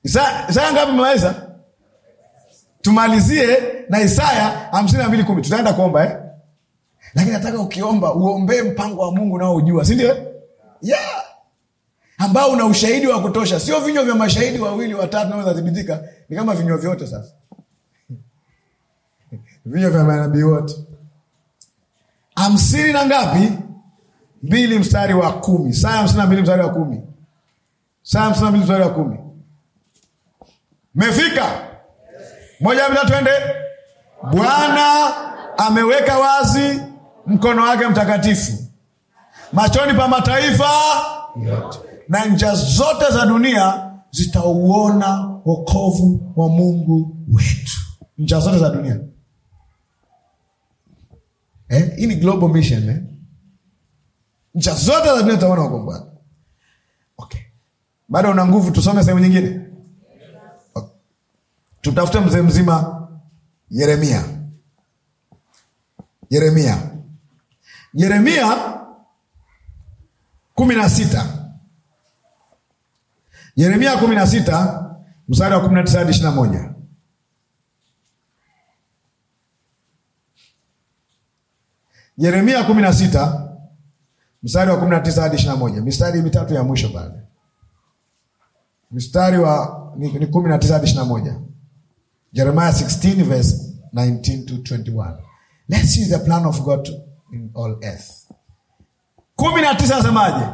Isaya ngapi mmeweza? Tumalizie na Isaya hamsini na mbili kumi tutaenda kuomba eh? lakini nataka ukiomba uombee mpango wa mungu unaoujua sindio yeah ambao una ushahidi wa kutosha sio vinywa vya mashahidi wawili watatu naweza thibitika ni kama vinywa vyote sasa vinywa vya manabii wote hamsini na ngapi mbili mstari wa kumi saa hamsini na mbili mstari wa kumi saa hamsini na mbili mstari wa kumi mefika moja bila twende bwana ameweka wazi mkono wake mtakatifu machoni pa mataifa yote, na nja zote za dunia zitauona wokovu wa Mungu wetu. nja zote za dunia eh? Hii ni global mission eh? Ncha zote za dunia zitaona wokovu wake. Okay, bado una nguvu, tusome sehemu nyingine. Okay. Tutafute mzee mzima Yeremia, Yeremia Yeremia kumi na sita Yeremia kumi na sita mstari wa kumi na tisa hadi ishirini na moja Yeremia kumi na sita mstari wa kumi na tisa hadi ishirini na moja mistari mitatu ya mwisho pale, mstari wa ni kumi na tisa hadi ishirini na moja Jeremiah 16 verse 19 to 21. Let's see the plan of God in all earth. kumi na tisa nasemaje?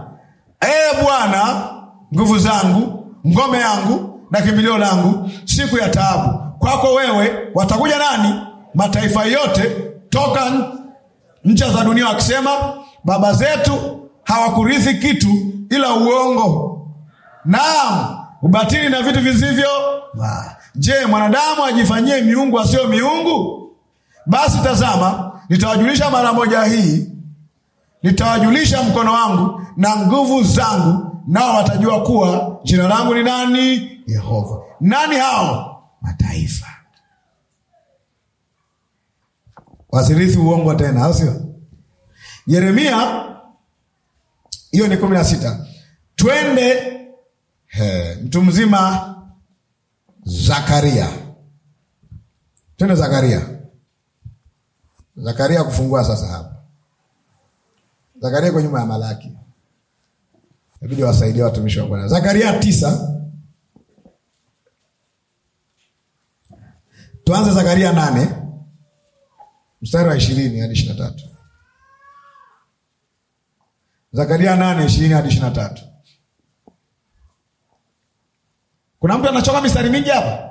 Ee Bwana, nguvu zangu, ngome yangu na kimbilio langu siku ya taabu, kwako wewe watakuja nani? Mataifa yote toka ncha za dunia wakisema, baba zetu hawakurithi kitu ila uongo, naam, ubatili na vitu visivyo. Je, mwanadamu ajifanyie miungu asiyo miungu? Basi tazama nitawajulisha mara moja hii, nitawajulisha mkono wangu na nguvu zangu, nao watajua kuwa jina langu ni nani? Yehova. Nani hao? Mataifa. Wasirithi uongo tena, au sio? Yeremia hiyo ni kumi na sita. Twende he, mtu mzima Zakaria, twende Zakaria Zakaria kufungua sasa hapo. Zakaria kwa nyuma ya Malaki. Inabidi wasaidie watumishi wa Bwana. Zakaria tisa. Tuanze Zakaria nane mstari wa ishirini hadi ishirini na tatu. Zakaria nane ishirini hadi ishirini na tatu. Kuna mtu anachoka mistari mingi hapa?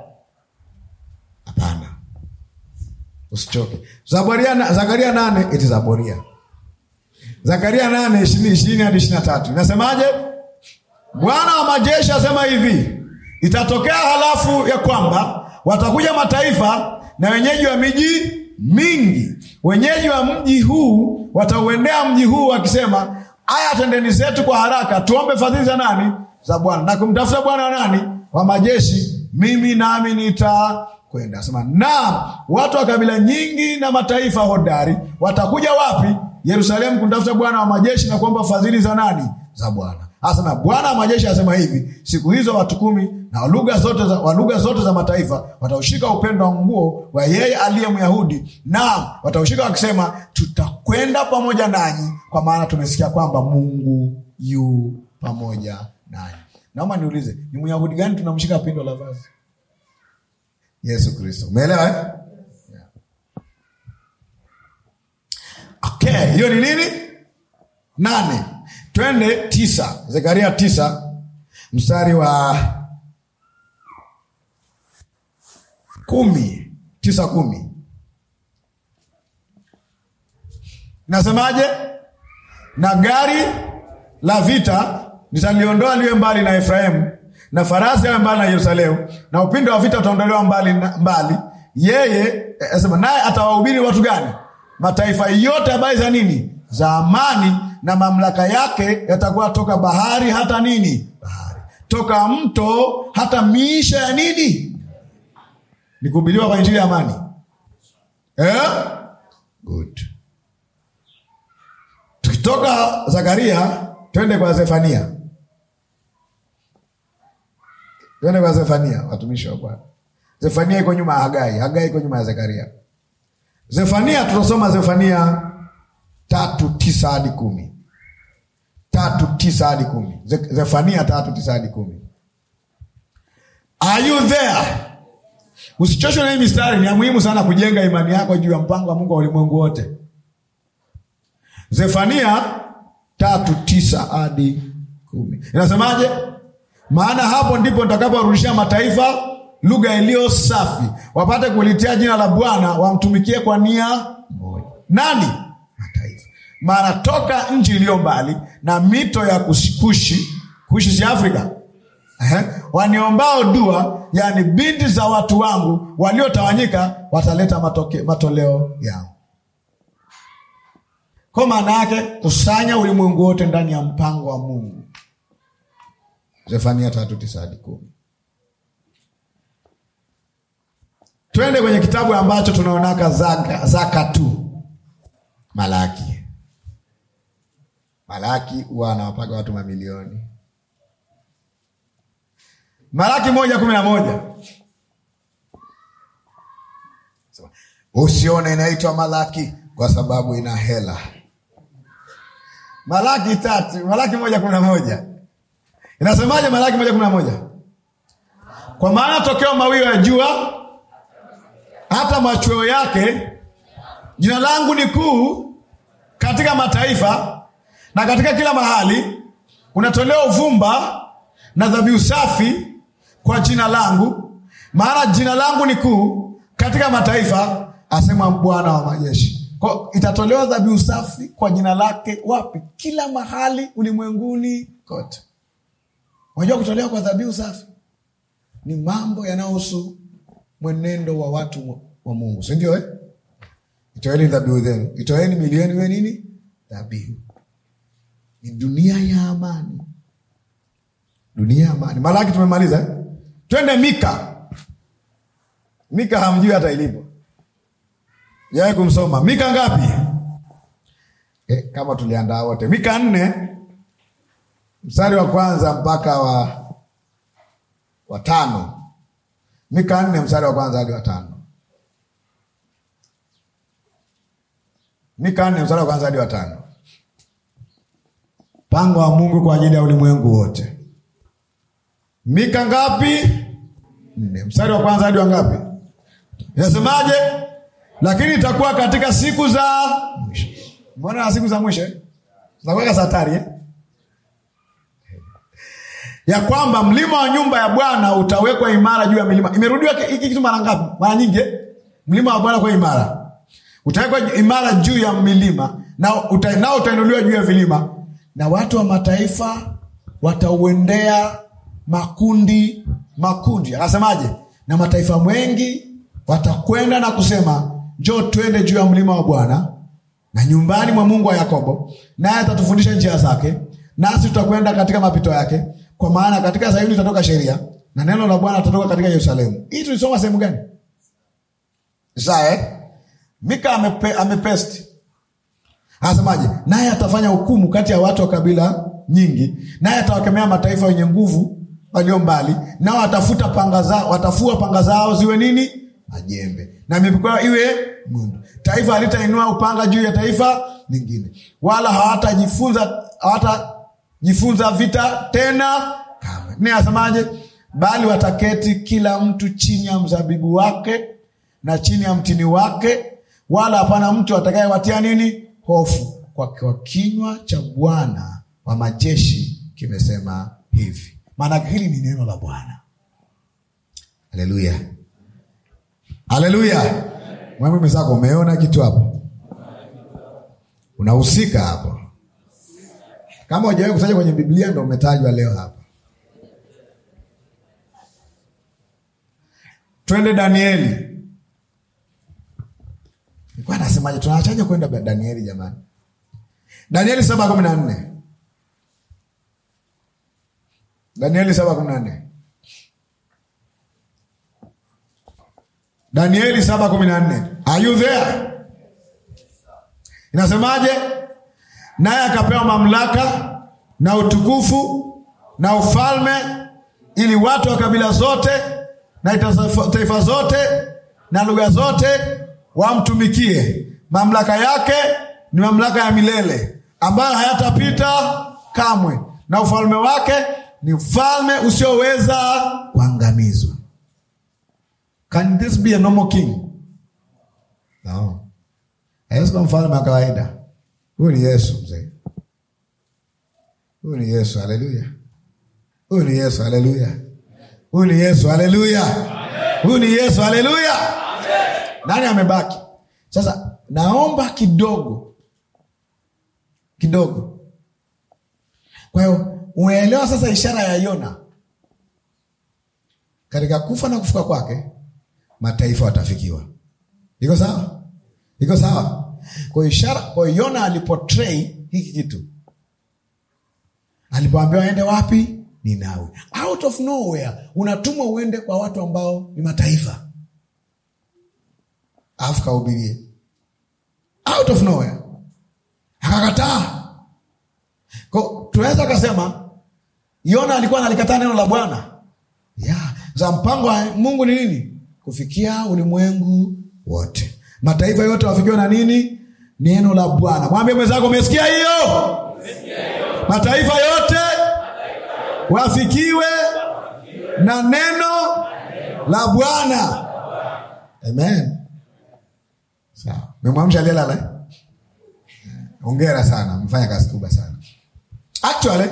usichoke. Zakaria, Zakaria nane iti Zaboria, Zakaria nane ishirini ishirini hadi ishirini na tatu inasemaje? Bwana wa majeshi asema hivi, itatokea halafu ya kwamba watakuja mataifa na wenyeji wa miji mingi, wenyeji wa mji huu watauendea mji huu wakisema, aya, tendeni zetu kwa haraka, tuombe fadhili za nani? Za Bwana na kumtafuta Bwana wa nani? Wa majeshi, mimi nami nita kwenda. Sema na watu wa kabila nyingi na mataifa hodari watakuja wapi? Yerusalemu kumtafuta Bwana wa majeshi na kuomba fadhili za nani? Za Bwana. Asema Bwana wa majeshi asema hivi, siku hizo watu kumi na walugha zote za, lugha zote za mataifa wataushika upendo wa nguo wa yeye aliye Myahudi, na wataushika wakisema, tutakwenda pamoja nanyi, kwa maana tumesikia kwamba Mungu yu pamoja nanyi. Naomba niulize, ni Myahudi gani tunamshika pindo la vazi? Yesu Kristo. Umeelewa eh? Yeah. Okay, hiyo ni nini? Nane. Twende tisa. Zekaria tisa mstari wa kumi tisa kumi nasemaje? Na gari la vita nitaliondoa liwe mbali na Efraimu na farasi awe mbali na Yerusalemu, na upinde wa vita utaondolewa mbali, mbali. Yeye asema eh, eh, naye atawahubiri watu gani? Mataifa yote habari za nini? Za amani, na mamlaka yake yatakuwa toka bahari hata nini, bahari toka mto hata miisha ya nini, ni kuhubiriwa kwa injili ya amani eh? Good. Tukitoka Zakaria twende kwa Zefania. Vione kwa Zefania, watumishi wa Bwana. Zefania iko nyuma ya Hagai, Hagai iko nyuma ya Zekaria. Zefania tunasoma Zefania tatu tisa hadi kumi tatu tisa hadi kumi Zefania tatu tisa hadi kumi Are you there? Usichoshwe na hii mistari, ni ya muhimu sana kujenga imani yako juu ya mpango wa Mungu wa ulimwengu wote. Zefania tatu tisa hadi kumi inasemaje? maana hapo ndipo nitakaporudishia mataifa lugha iliyo safi, wapate kulitia jina la Bwana, wamtumikie kwa nia moja. Nani? Mataifa. Maana toka nchi iliyo mbali na mito ya kushikushi Kushi si Afrika, waniombao dua, yani binti za watu wangu waliotawanyika, wataleta matoke, matoleo yao. Kwa maana yake kusanya ulimwengu wote ndani ya mpango wa Mungu. Zefania tatu tisa hadi kumi. Twende kwenye kitabu ambacho tunaonaka zaka, zaka tu. Malaki, Malaki huwa anawapaga watu mamilioni. Malaki moja kumi na moja usione inaitwa Malaki kwa sababu ina hela. Malaki tatu Malaki moja kumi na moja Inasemaje Malaki moja kumi na moja? Kwa maana tokeo mawio ya jua hata machweo yake, jina langu ni kuu katika mataifa na katika kila mahali unatolewa uvumba na dhabihu safi kwa jina langu, maana jina langu ni kuu katika mataifa, asema Bwana wa majeshi. Kwa itatolewa dhabihu safi kwa jina lake wapi? Kila mahali ulimwenguni kote. Wajua, kutolewa kwa dhabihu safi ni mambo yanayohusu mwenendo wa watu wa Mungu, si ndio? Eh, itoeni dhabihu zenu, itoeni mili yenu iwe nini? Dhabihu. Ni dunia ya amani, dunia ya amani. Malaki tumemaliza eh? Twende Mika. Mika hamjui hata ilivyo yae kumsoma Mika ngapi? Eh, kama tuliandaa wote Mika nne mstari wa kwanza mpaka wa watano Mika nne mstari wa kwanza hadi watano Mika nne mstari wa kwanza hadi watano Mpango wa Mungu kwa ajili ya ulimwengu wote. Mika ngapi? Nne. Mstari wa kwanza hadi wa ngapi? Inasemaje? Lakini itakuwa katika siku za mwisho. Mbona na siku za mwisho? Zinaweka satari eh? ya kwamba mlima wa nyumba ya Bwana utawekwa imara juu ya milima. Imerudiwa hiki kitu mara ngapi? Mara nyingi. Eh? Mlima wa Bwana kwa imara, utawekwa imara juu ya milima na uta, nao utainuliwa juu ya vilima, na watu wa mataifa watauendea makundi makundi. Akasemaje? Na mataifa mengi watakwenda na kusema, njoo twende juu ya mlima wa Bwana na nyumbani mwa Mungu wa Yakobo, naye atatufundisha njia zake, nasi tutakwenda katika mapito yake kwa maana katika sasa itatoka sheria na neno la Bwana litatoka katika Yerusalemu. Hii tulisoma sehemu gani? Sawa eh? Mika amepe, amepesti. Anasemaje? Naye atafanya hukumu kati ya watu wa kabila nyingi, naye atawakemea mataifa yenye nguvu walio mbali, nao watafuta panga zao, watafua panga zao ziwe nini? Majembe. Na mipiko iwe mundu. Taifa halitainua upanga juu ya taifa lingine, wala hawatajifunza hawata jifunza vita tena kamwe. Ni asemaje? Bali wataketi kila mtu chini ya mzabibu wake na chini ya mtini wake, wala hapana mtu atakayewatia nini hofu, kwa kinywa cha Bwana wa majeshi kimesema hivi. Maana hili ni neno la Bwana. Haleluya, haleluya! Mwamimi zako umeona kitu hapo, unahusika hapo kama hujawahi kutajwa kwenye Biblia ndo umetajwa leo hapa. Twende Danieli. Nilikuwa nasemaje? Tunaachaje kwenda Danieli jamani? Danieli saba kumi na nne. Danieli saba kumi na nne. Danieli saba kumi na nne. Are you there? Inasemaje? naye akapewa mamlaka na utukufu na ufalme, ili watu wa kabila zote na taifa zote na lugha zote wamtumikie. Mamlaka yake ni mamlaka ya milele ambayo hayatapita kamwe, na ufalme wake ni ufalme usioweza kuangamizwa. Can this be a normal king? No. Yesu mfalme wa kawaida Huyu ni Yesu mzee, huyu ni Yesu. Haleluya! huyu ni Yesu. Haleluya! huyu ni Yesu. Haleluya! huyu ni Yesu. Haleluya! Nani amebaki sasa? Naomba kidogo kidogo. Kwa hiyo unaelewa sasa ishara ya Yona katika kufa na kufuka kwake, mataifa watafikiwa. Iko sawa? Iko sawa? Kwa ishara, kwa Yona alipotrei hiki kitu alipoambiwa aende wapi ni Nawe. Out of nowhere unatumwa uende kwa watu ambao ni mataifa, alafu kaubirie. out of nowhere, akakataa. Ko, tunaweza kasema Yona alikuwa analikataa neno la Bwana ya za mpango wa Mungu ni nini? Kufikia ulimwengu wote, mataifa yote wafikiwa na nini? neno la Bwana. Mwambie mwenzako, umesikia hiyo? Mataifa yote wafikiwe na neno la Bwana. Amen. Sawa, memwamsha aliyelala. Eh? Ongera sana, mfanya kazi kubwa sana. Actually,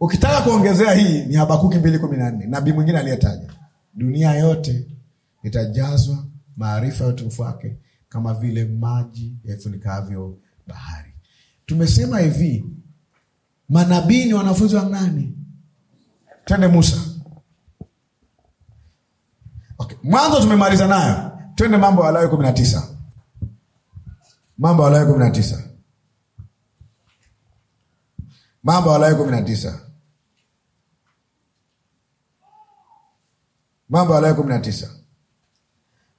ukitaka kuongezea hii ni Habakuki mbili kumi na nne nabii mwingine aliyetaja, dunia yote itajazwa maarifa ya utukufu wake kama vile maji yafunikavyo bahari. Tumesema hivi, manabii ni wanafunzi wa nani? Twende Musa. Okay, Mwanzo tumemaliza nayo, twende Mambo ya Walawi kumi na tisa. Mambo ya Walawi kumi na tisa. Mambo ya Walawi kumi na tisa. Mambo ya Walawi kumi na tisa,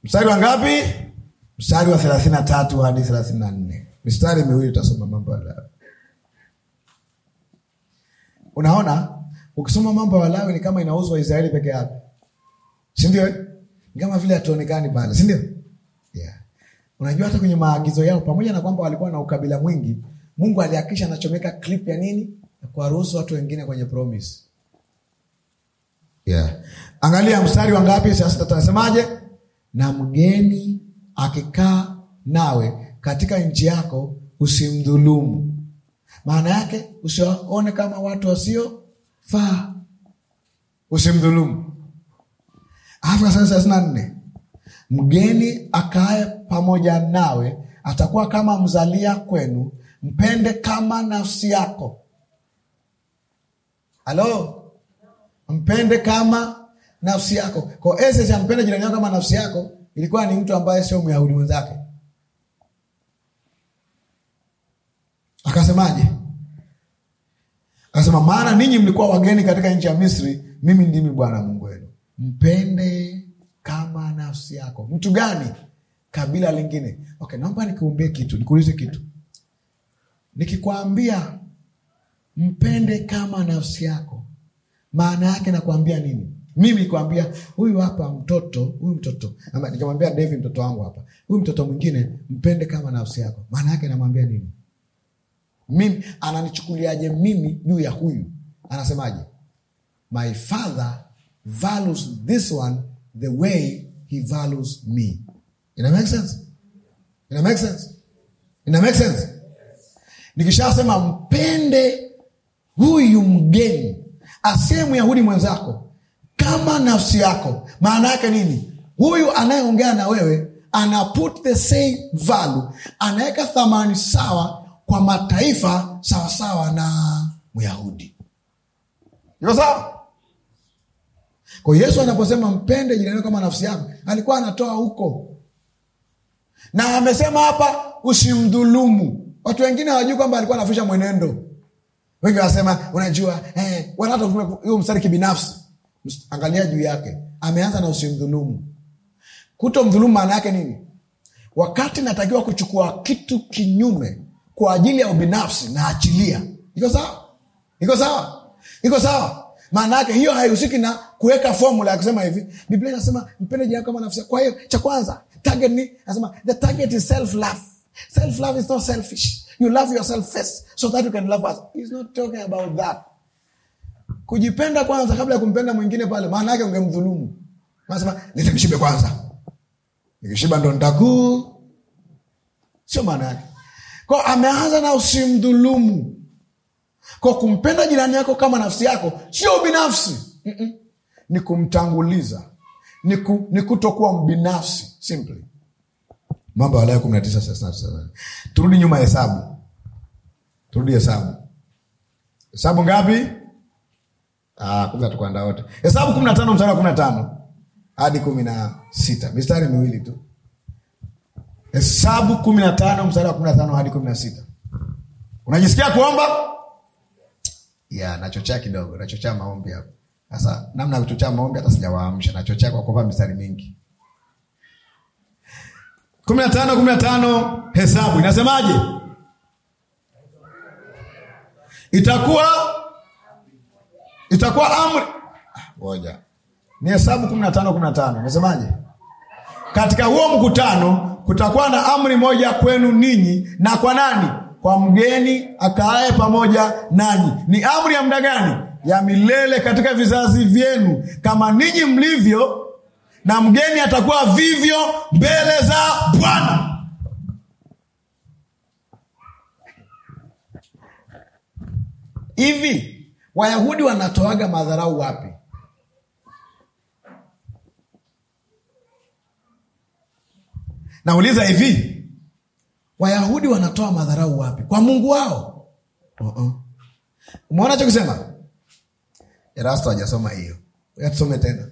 mstari wa ngapi? mstari wa thelathini na tatu hadi thelathini na nne mistari miwili utasoma mambo ya Walawi. Unaona, ukisoma mambo ya Walawi ni kama inauzwa Israeli peke yake, si ndio? Ni kama vile hatuonekani pale, si ndio? Yeah. Unajua hata kwenye maagizo yao, pamoja na kwamba walikuwa na ukabila mwingi, Mungu alihakikisha anachomeka clip ya nini, kuwaruhusu watu wengine kwenye promise. Yeah. Angalia mstari wa ngapi sasa, tunasemaje? Na mgeni akikaa nawe katika nchi yako usimdhulumu. Maana yake usiwaone kama watu wasiofaa, usimdhulumu. Alafu kasema thelathini na nne, mgeni akae pamoja nawe atakuwa kama mzalia kwenu, mpende kama nafsi yako. Halo, mpende kama nafsi yako. Kwa ese cha mpende jirani yako kama nafsi yako ilikuwa ni mtu ambaye sio myahudi mwenzake akasemaje akasema maana ninyi mlikuwa wageni katika nchi ya misri mimi ndimi bwana mungu wenu mpende kama nafsi yako mtu gani kabila lingine okay naomba nikuumbie kitu nikuulize kitu nikikwambia mpende kama nafsi yako maana yake nakwambia nini mimi kuambia huyu hapa mtoto huyu mtoto ama nikamwambia David mtoto wangu hapa, huyu mtoto mwingine mpende kama nafsi yako. Maana yake namwambia nini? Mimi ananichukuliaje mimi juu ya huyu? Anasemaje? my father values this one the way he values me. Ina make sense? Ina make sense? Ina make sense? Nikishasema mpende huyu mgeni asiye Myahudi mwenzako kama nafsi yako maana yake nini huyu anayeongea na wewe ana put the same value anaweka thamani sawa kwa mataifa sawasawa na myahudi iko sawa kwa yesu anaposema mpende jirani kama nafsi yako alikuwa anatoa huko na amesema hapa usimdhulumu watu wengine hawajui kwamba alikuwa anafisha mwenendo wengi wanasema unajua eh, wanata mstari kibinafsi angalia juu yake ameanza na usimdhulumu kuto mdhulumu maana yake nini wakati natakiwa kuchukua kitu kinyume kwa ajili ya ubinafsi naachilia iko sawa iko sawa iko sawa maana yake hiyo haihusiki na kuweka formula ya kusema hivi biblia inasema mpende jirani kama nafsi kwa hiyo cha kwanza target ni nasema the target is self love self love is not selfish you love yourself first so that you can love us he's not talking about that kujipenda kwanza kabla ya kumpenda mwingine pale, maana yake ungemdhulumu. Nasema nisimshibe kwanza, nikishiba ndo ntakuu, sio maana yake. Kwa ameanza na usimdhulumu. Kwa kumpenda jirani yako kama nafsi yako sio binafsi. mm -mm. Ni kumtanguliza, ni ni kutokuwa mbinafsi simply. Mambo ya Walawi kumi na tisa. Turudi nyuma, Hesabu. Turudi Hesabu. Hesabu ngapi? Ah, wote. Hesabu kumi na tano mstari wa kumi na tano hadi kumi na sita mistari miwili tu. Hesabu kumi na tano mstari wa kumi na tano hadi kumi na sita Unajisikia kuomba? Ya, nachochea kidogo, nachochea maombi hapo. Sasa namna ya kuchochea maombi hata sijawaamsha, nachochea kwa kuomba mistari mingi. kumi na tano kumi na tano Hesabu inasemaje? Itakuwa itakuwa amri moja. Ni Hesabu kumi na tano kumi na tano nasemaje? Katika huo mkutano kutakuwa na amri moja kwenu ninyi na kwa nani? Kwa mgeni akaaye pamoja nanyi. Ni amri ya muda gani? Ya milele katika vizazi vyenu, kama ninyi mlivyo na mgeni atakuwa vivyo mbele za Bwana. Hivi Wayahudi wanatoaga madharau wapi? Nauliza hivi, Wayahudi wanatoa madharau wapi? Kwa Mungu wao? Uh-uh. Umeona cho kusema? Erasto hajasoma hiyo, atusome tena.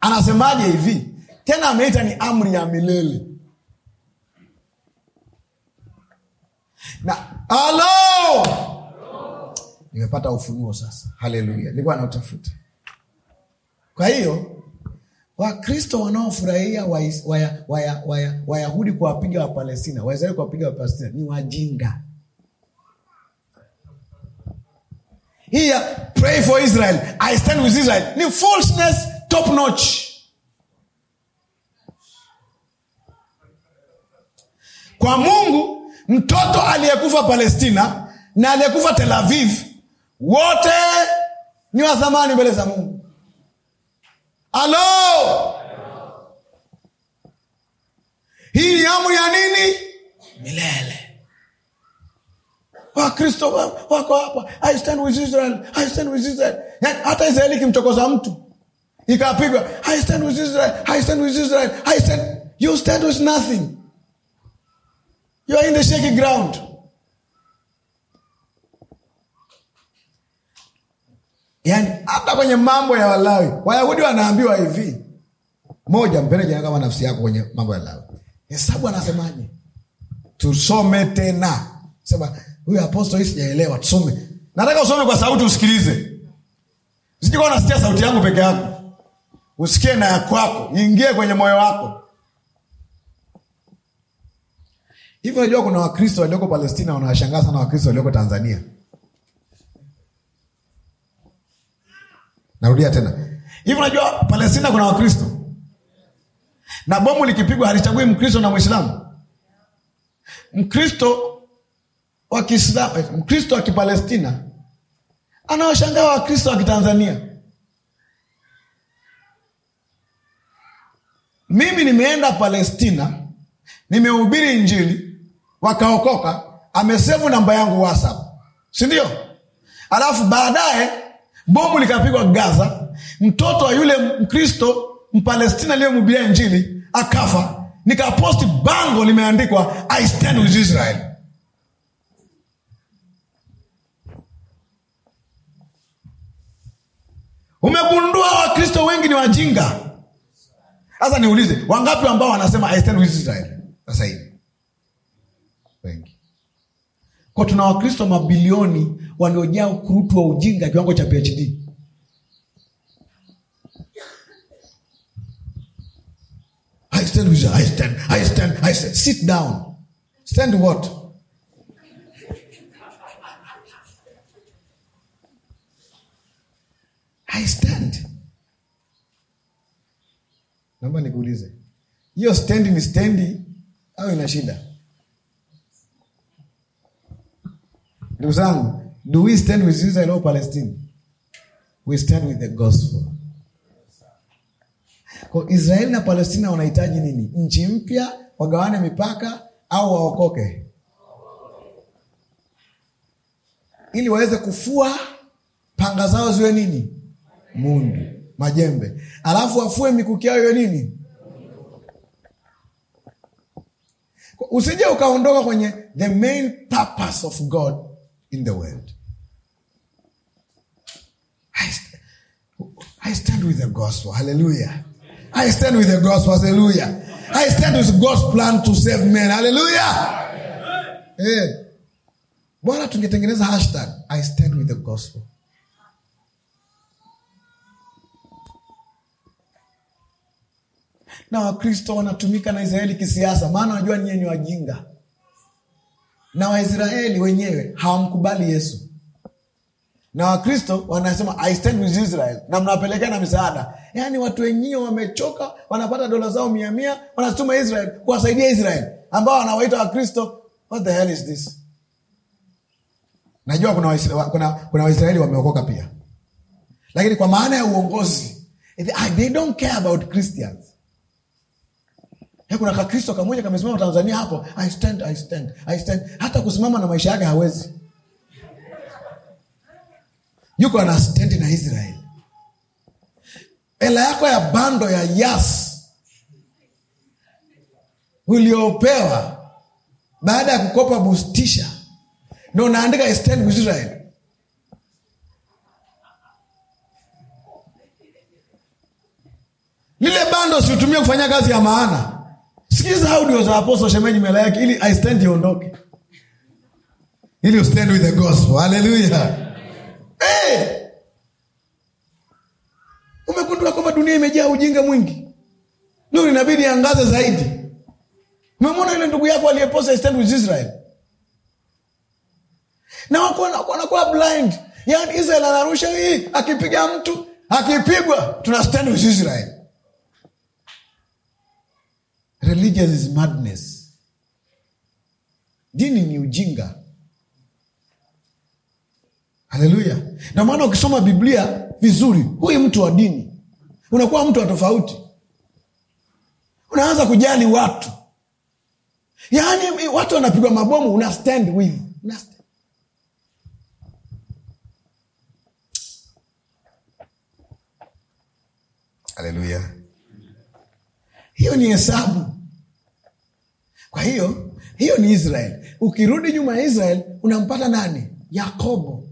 Anasemaje hivi tena, ameita ni amri ya milele na alo Nimepata ufunuo sasa, haleluya! Nilikuwa nautafuta. Kwa hiyo Wakristo wanaofurahia Wayahudi kuwapiga Wapalestina, Waisraeli kuwapiga Wapalestina ni wajinga. Hii pray for Israel, I stand with Israel ni falseness top notch. Kwa Mungu mtoto aliyekufa Palestina na aliyekufa Tel Aviv wote ni wa thamani mbele za Mungu. Alo, hii ni amri ya nini? Milele. Wakristo wako hapa, I stand with Israel, I stand with Israel. Hata Israeli ikimchokoza mtu ikapigwa, I stand with Israel, I stand with Israel, I stand. You stand with nothing, you are in the shaky ground. Yani hata kwenye mambo ya Walawi Wayahudi wanaambiwa hivi, moja, mpende jirani kama nafsi yako. Kwenye mambo ya Lawi Hesabu anasemaje? Tusome tena, sema huyu apostol, hii sijaelewa. Tusome, nataka usome kwa sauti, usikilize, sijikuwa unasikia sauti yangu peke yako, usikie na ya kwako, ingie kwenye moyo wako. Hivyo unajua kuna Wakristo walioko Palestina wanawashangaa sana Wakristo walioko Tanzania. Narudia tena hivi, unajua Palestina kuna Wakristo na bomu likipigwa halichagui Mkristo na Mwislamu. Mkristo wa Kiislamu, eh, Mkristo wa Kipalestina anawashangaa Wakristo wa Kitanzania. Mimi nimeenda Palestina, nimehubiri Injili, wakaokoka, amesevu namba yangu WhatsApp, si ndio? Alafu baadaye bomu likapigwa Gaza, mtoto wa yule Mkristo Mpalestina aliyemhubiria Injili akafa, nikaposti bango limeandikwa I stand with Israel. Umegundua Wakristo wengi ni wajinga. Sasa niulize, wangapi ambao wanasema I stand with Israel sasa hivi? Kwa tuna Wakristo mabilioni waliojaa ukurutu wa ujinga kiwango cha PhD. I stand with you. I stand, I stand, I stand. Sit down. Stand what? I stand. Naomba nikuulize, hiyo stendi ni stendi au ina shida? Ndugu zangu, do we stand with Israel or Palestine? We stand with the gospel. Kwa Israeli na Palestina wanahitaji nini? Nchi mpya, wagawane mipaka au waokoke? Ili waweze kufua panga zao ziwe nini? Mundu, majembe. Alafu wafue mikuki yao iwe nini? Usije ukaondoka kwenye the main purpose of God in the world. I, I stand with the gospel. Hallelujah. I stand with the gospel. Hallelujah. I stand with God's plan to save men. Hallelujah. Hey. Eh. Bwana tungetengeneza hashtag I stand with the gospel. Na Wakristo wanatumika na Israeli kisiasa, maana wajua nyie ni wajinga na Waisraeli wenyewe hawamkubali Yesu na Wakristo wanasema I stand with Israel na mnawapelekea na misaada. Yaani watu wenyewe wamechoka, wanapata dola zao mia mia, wanazituma Israel kuwasaidia Israel ambao wanawaita Wakristo. What the hell is this? Najua kuna Waisraeli kuna, kuna Waisraeli wameokoka pia, lakini kwa maana ya uongozi they don't care about Christians. He, eh, kuna kakristo kamoja kamesimama Tanzania hapo, I stand, I stand, I stand. Hata kusimama na maisha yake hawezi, yuko ana stendi na Israel. Hela yako ya bando ya yas uliopewa baada ya kukopa bustisha, ndo unaandika I stand with Israel. Lile bando siutumie kufanya kazi ya maana sikiza audio za aposto shemeji mela yake ili aistendi iondoke ili ustand with the gospel haleluya hey! umegundua kwamba dunia imejaa ujinga mwingi nuru inabidi angaze zaidi umemwona yule ndugu yako aliyeposa stand with israel na wanakuwa blind yaani israel anarusha hii akipiga mtu akipigwa tuna stand with israel is madness. Dini ni ujinga. Haleluya! na maana ukisoma Biblia vizuri, huyu mtu wa dini unakuwa mtu wa tofauti, unaanza kujali watu, yaani watu wanapigwa mabomu, una stand with una stand. Haleluya! Hiyo ni hesabu kwa hiyo hiyo ni israel ukirudi nyuma ya israel unampata nani yakobo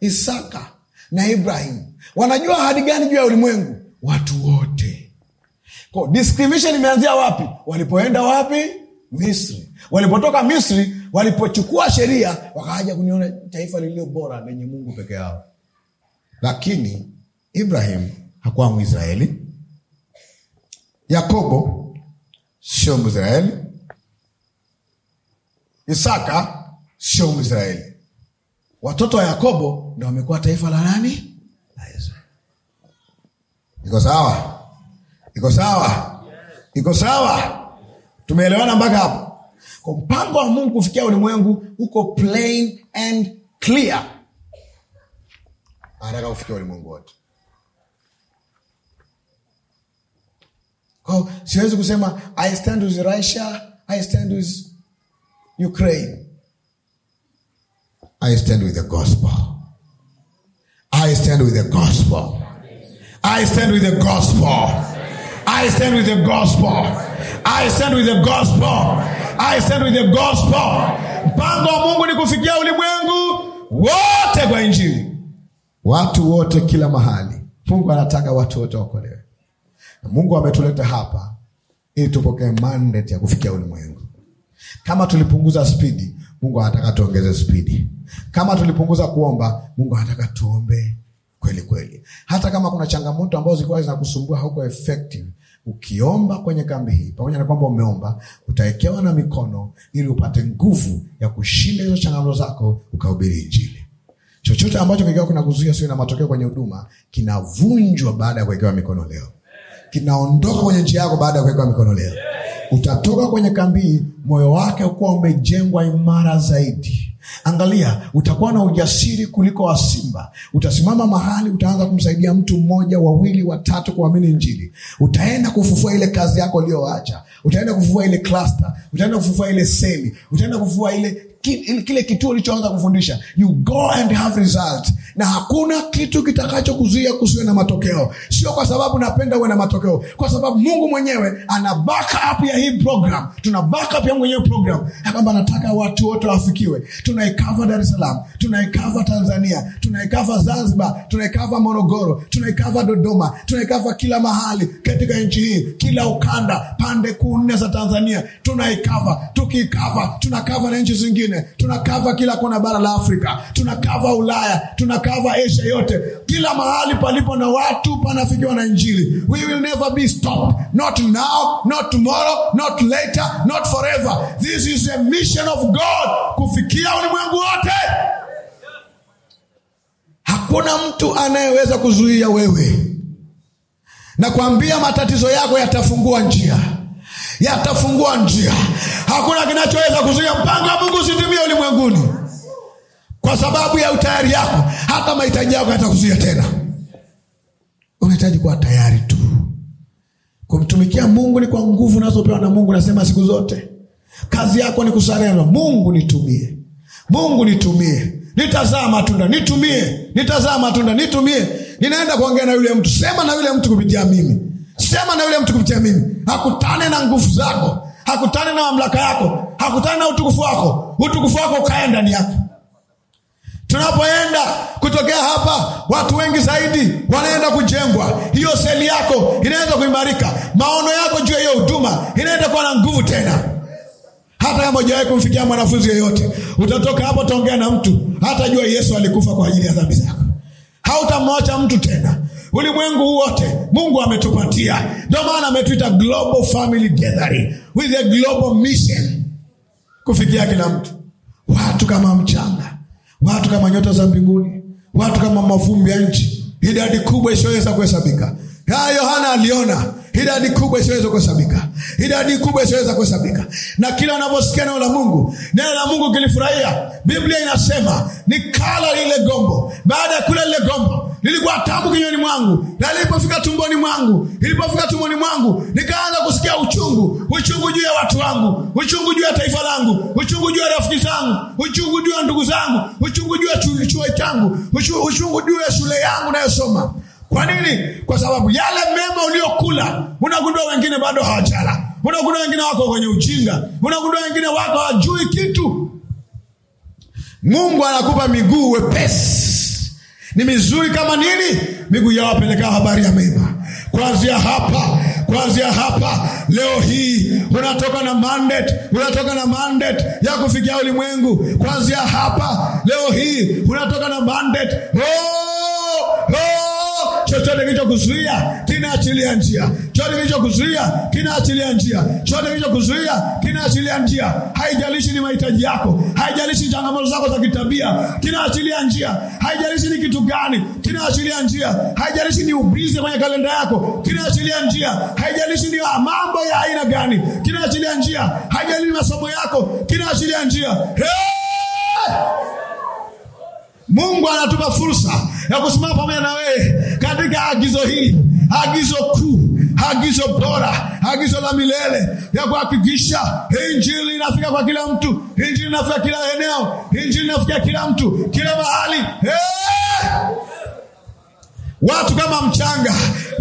isaka na ibrahim wanajua ahadi gani juu ya ulimwengu watu wote ko discrimination imeanzia wapi walipoenda wapi misri walipotoka misri walipochukua sheria wakaja kuniona taifa lililo bora lenye mungu peke yao lakini ibrahim hakuwa mwisraeli yakobo sio mwisraeli Isaka sio Mwisraeli, watoto wa Yakobo ndo wamekuwa taifa la nani? La Israeli. Iko sawa? Iko sawa? Iko sawa? Tumeelewana mpaka hapo? Kwa mpango wa Mungu kufikia ulimwengu uko plain and clear, anataka kufikia ulimwengu wote. Siwezi kusema I stand with Russia, I stand with Ukraine. I stand with the gospel. I stand with the gospel. I stand with the gospel. I stand with the gospel. I stand with the gospel. I stand with the gospel. Mpango wa Mungu ni kufikia ulimwengu wote kwa Injili, watu wote, kila mahali. Mungu anataka watu wote wakolewe. Mungu ametuleta hapa ili tupokee mandate ya kufikia ulimwengu. Kama tulipunguza spidi, Mungu anataka tuongeze spidi. Kama tulipunguza kuomba, Mungu anataka tuombe kweli kweli, hata kama kuna changamoto ambazo zilikuwa zinakusumbua hauko effective. Ukiomba kwenye kambi hii, pamoja na kwamba umeomba, utawekewa na mikono ili upate nguvu ya kushinda hizo changamoto zako, ukahubiri Injili. Chochote ambacho kikiwa kinakuzuia sio na matokeo kwenye huduma kinavunjwa baada ya kuwekewa mikono leo, kinaondoka kwenye njia yako baada ya kuwekewa mikono leo utatoka kwenye kambi moyo wake ukuwa umejengwa imara zaidi. Angalia, utakuwa na ujasiri kuliko wa simba. Utasimama mahali, utaanza kumsaidia mtu mmoja, wawili, watatu kuamini njili Utaenda kufufua ile kazi yako uliyoacha, utaenda kufufua ile klasta, utaenda kufufua ile seli, utaenda kufufua ile kile kituo ulichoanza kufundisha you go and have result na hakuna kitu kitakachokuzuia kusiwe na matokeo sio kwa sababu napenda uwe na matokeo kwa sababu mungu mwenyewe ana backup ya hii program tuna backup ya mwenyewe program kwamba nataka watu wote wafikiwe tunaikava dar es salaam tunaikava tanzania tunaikava zanzibar tunaikava morogoro tunaikava dodoma tunaikava kila mahali katika nchi hii kila ukanda pande kuu nne za tanzania tunaikava tukiikava tunakava na nchi zingine tuna kava kila kona bara la Afrika, tuna kava Ulaya, tuna kava Asia yote. Kila mahali palipo na watu panafikiwa na Injili. We will never be stopped, not now, not tomorrow, not later, not forever. This is a mission of God, kufikia ulimwengu wote. Hakuna mtu anayeweza kuzuia wewe, na kuambia matatizo yako yatafungua njia yatafungua njia. Hakuna kinachoweza kuzuia mpango wa Mungu usitimie ulimwenguni kwa sababu ya utayari yako. Hata mahitaji yako yatakuzuia tena, unahitaji kuwa tayari tu kumtumikia Mungu. Ni kwa nguvu unazopewa na Mungu. Nasema siku zote kazi yako ni kusarenda Mungu, nitumie Mungu, nitumie nitazaa matunda, nitumie nitazaa matunda, nitumie ninaenda kuongea na yule mtu, sema na yule mtu kupitia mimi sema na yule mtu kupitia mimi hakutane na nguvu zako hakutane na mamlaka yako hakutane na utukufu wako utukufu wako ukae ndani yake tunapoenda kutokea hapa watu wengi zaidi wanaenda kujengwa hiyo seli yako inaweza kuimarika maono yako juu ya hiyo huduma inaenda kuwa na nguvu tena hata kama ujawahi kumfikia mwanafunzi yeyote utatoka hapo utaongea na mtu hata jua yesu alikufa kwa ajili ya dhambi zako hautamwacha mtu tena ulimwengu wote mungu ametupatia ndio maana ametuita global family gathering with a global mission kufikia kila mtu watu kama mchanga watu kama nyota za mbinguni watu kama mavumbi ya nchi idadi kubwa isiyoweza kuhesabika yohana aliona idadi kubwa isiweza kuhesabika idadi kubwa isiyoweza kuhesabika na kila anavyosikia neno la mungu neno la mungu kilifurahia biblia inasema ni kala lile gombo baada ya kula lile gombo nilikuwa tabu kinywani mwangu na nilipofika tumboni mwangu nilipofika tumboni mwangu nikaanza kusikia uchungu uchungu juu ya watu wangu uchungu juu ya taifa langu uchungu juu ya rafiki zangu uchungu juu ya ndugu zangu uchungu juu ya chuo changu uchungu juu ya shule yangu nayosoma kwa nini kwa sababu yale mema uliyokula unagundua wengine bado hawajala unagundua wengine wako kwenye ujinga unagundua wengine wako hawajui kitu mungu anakupa miguu wepesi ni mizuri kama nini miguu yao wapelekao habari ya mema. Kuanzia hapa, kuanzia hapa leo hii unatoka na mandate, unatoka na mandate ya kufikia ulimwengu. Kuanzia hapa leo hii unatoka na mandate. Oh, oh chochote kilichokuzuia kinaachilia njia, chochote kilichokuzuia kinaachilia njia, chochote kilichokuzuia kinaachilia njia. Haijalishi ni mahitaji yako, haijalishi changamoto zako za kitabia, kinaachilia njia. Haijalishi ni kitu gani, kinaachilia njia. Haijalishi ni ubizi kwenye kalenda yako, kinaachilia njia. Haijalishi ni mambo ya aina gani, kinaachilia njia. Haijalishi masomo yako, kinaachilia njia. Mungu anatupa fursa ya kusimama pamoja na wewe katika agizo hili, agizo kuu, agizo bora, agizo la milele ya kuhakikisha injili inafika kwa kila mtu, injili inafika kila eneo, injili inafika kila mtu, kila mahali hey! Eh! Watu kama mchanga,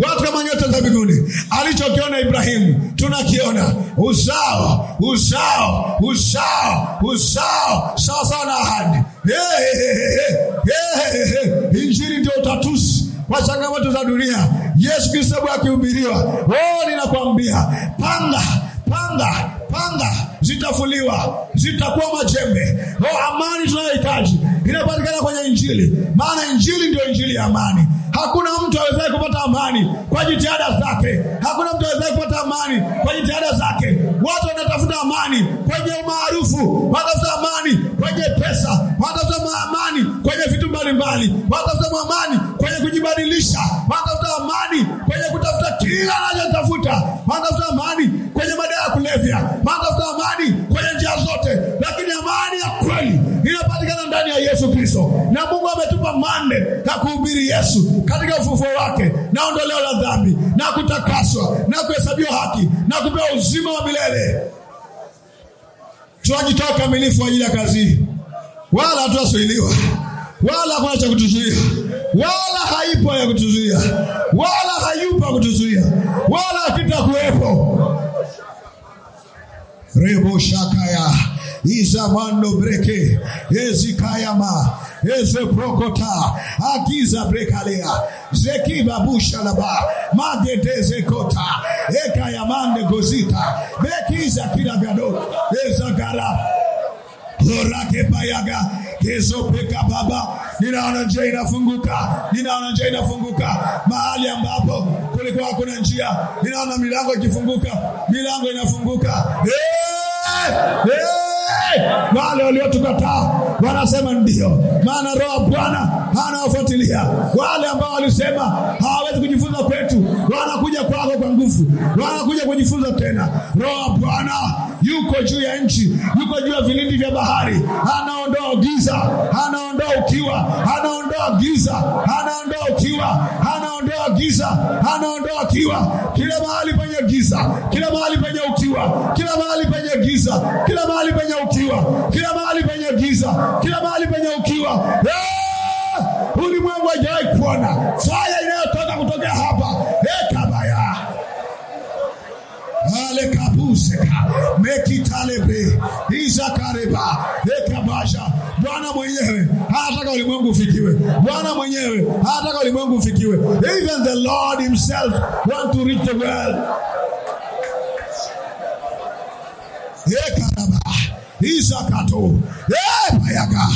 watu kama nyota za mbinguni. Alichokiona Ibrahimu tunakiona uzao, uzao, uzao, uzao, sawasawa na ahadi. Hey, eh, eh, hey, hey, hey, hey, hey. Injili ndio utatusi, kwa changamoto za dunia. Yesu Kristo akihubiriwa, wewe ninakwambia panga panga panga zitafuliwa, zitakuwa majembe. O, amani tunayohitaji inapatikana kwenye Injili, maana Injili ndio Injili ya amani. Hakuna mtu awezaye kupata amani kwa jitihada zake. Hakuna mtu awezaye kupata amani kwa jitihada zake. Watu wanatafuta amani kwenye umaarufu, wanatafuta amani kwenye pesa, wanatafuta amani kwenye vitu mbalimbali, wanatafuta amani kwenye kujibadilisha, wanatafuta amani kwenye kutafuta kila anachotafuta, wanatafuta amani kwenye madawa ya kulevya anatafuta amani kwenye njia zote, lakini amani ya kweli inapatikana ndani ya Yesu Kristo. Na Mungu ametupa mande ya kuhubiri Yesu katika ufufuo wake na ondoleo la dhambi na kutakaswa na kuhesabiwa haki na kupewa uzima wa milele. Tunajitoa kamilifu ajili ya kazi hii, wala hatutazuiliwa, wala hakuna cha kutuzuia, wala haipo ya kutuzuia, wala hayupo ya kutuzuia, wala hakitakuwepo reboshakaya izamando breke ezikayama ezeprokota akiza brekalea zekibabushalaba magedezekota ekayamande gozita bekiza kiragado ezagara lorake payaga kezopeka baba, ninaona njia inafunguka, ninaona njia inafunguka mahali ambapo kulikuwa hakuna njia, ninaona milango ikifunguka, milango inafunguka. Hey! Hey! Wale waliotukataa wanasema ndio, maana roho Bwana anawafuatilia wale ambao walisema hawawezi kujifunza kwetu, wanakuja kwako nguvu, Roho anakuja kujifunza tena. Roho Bwana yuko juu ya nchi, yuko juu ya vilindi vya bahari, anaondoa giza, anaondoa ukiwa, anaondoa giza, anaondoa ukiwa, anaondoa giza, anaondoa ukiwa, kila mahali penye giza, kila mahali penye ukiwa, kila mahali penye giza, kila mahali penye ukiwa, kila mahali penye giza, kila mahali penye ukiwa, eh, ulimwengu hajawai kuona fire ulimwengu ufikiwe. Bwana mwenyewe hataka ulimwengu ufikiwe. Even the Lord himself want to reach the world. Ekaraba, isakato epayaka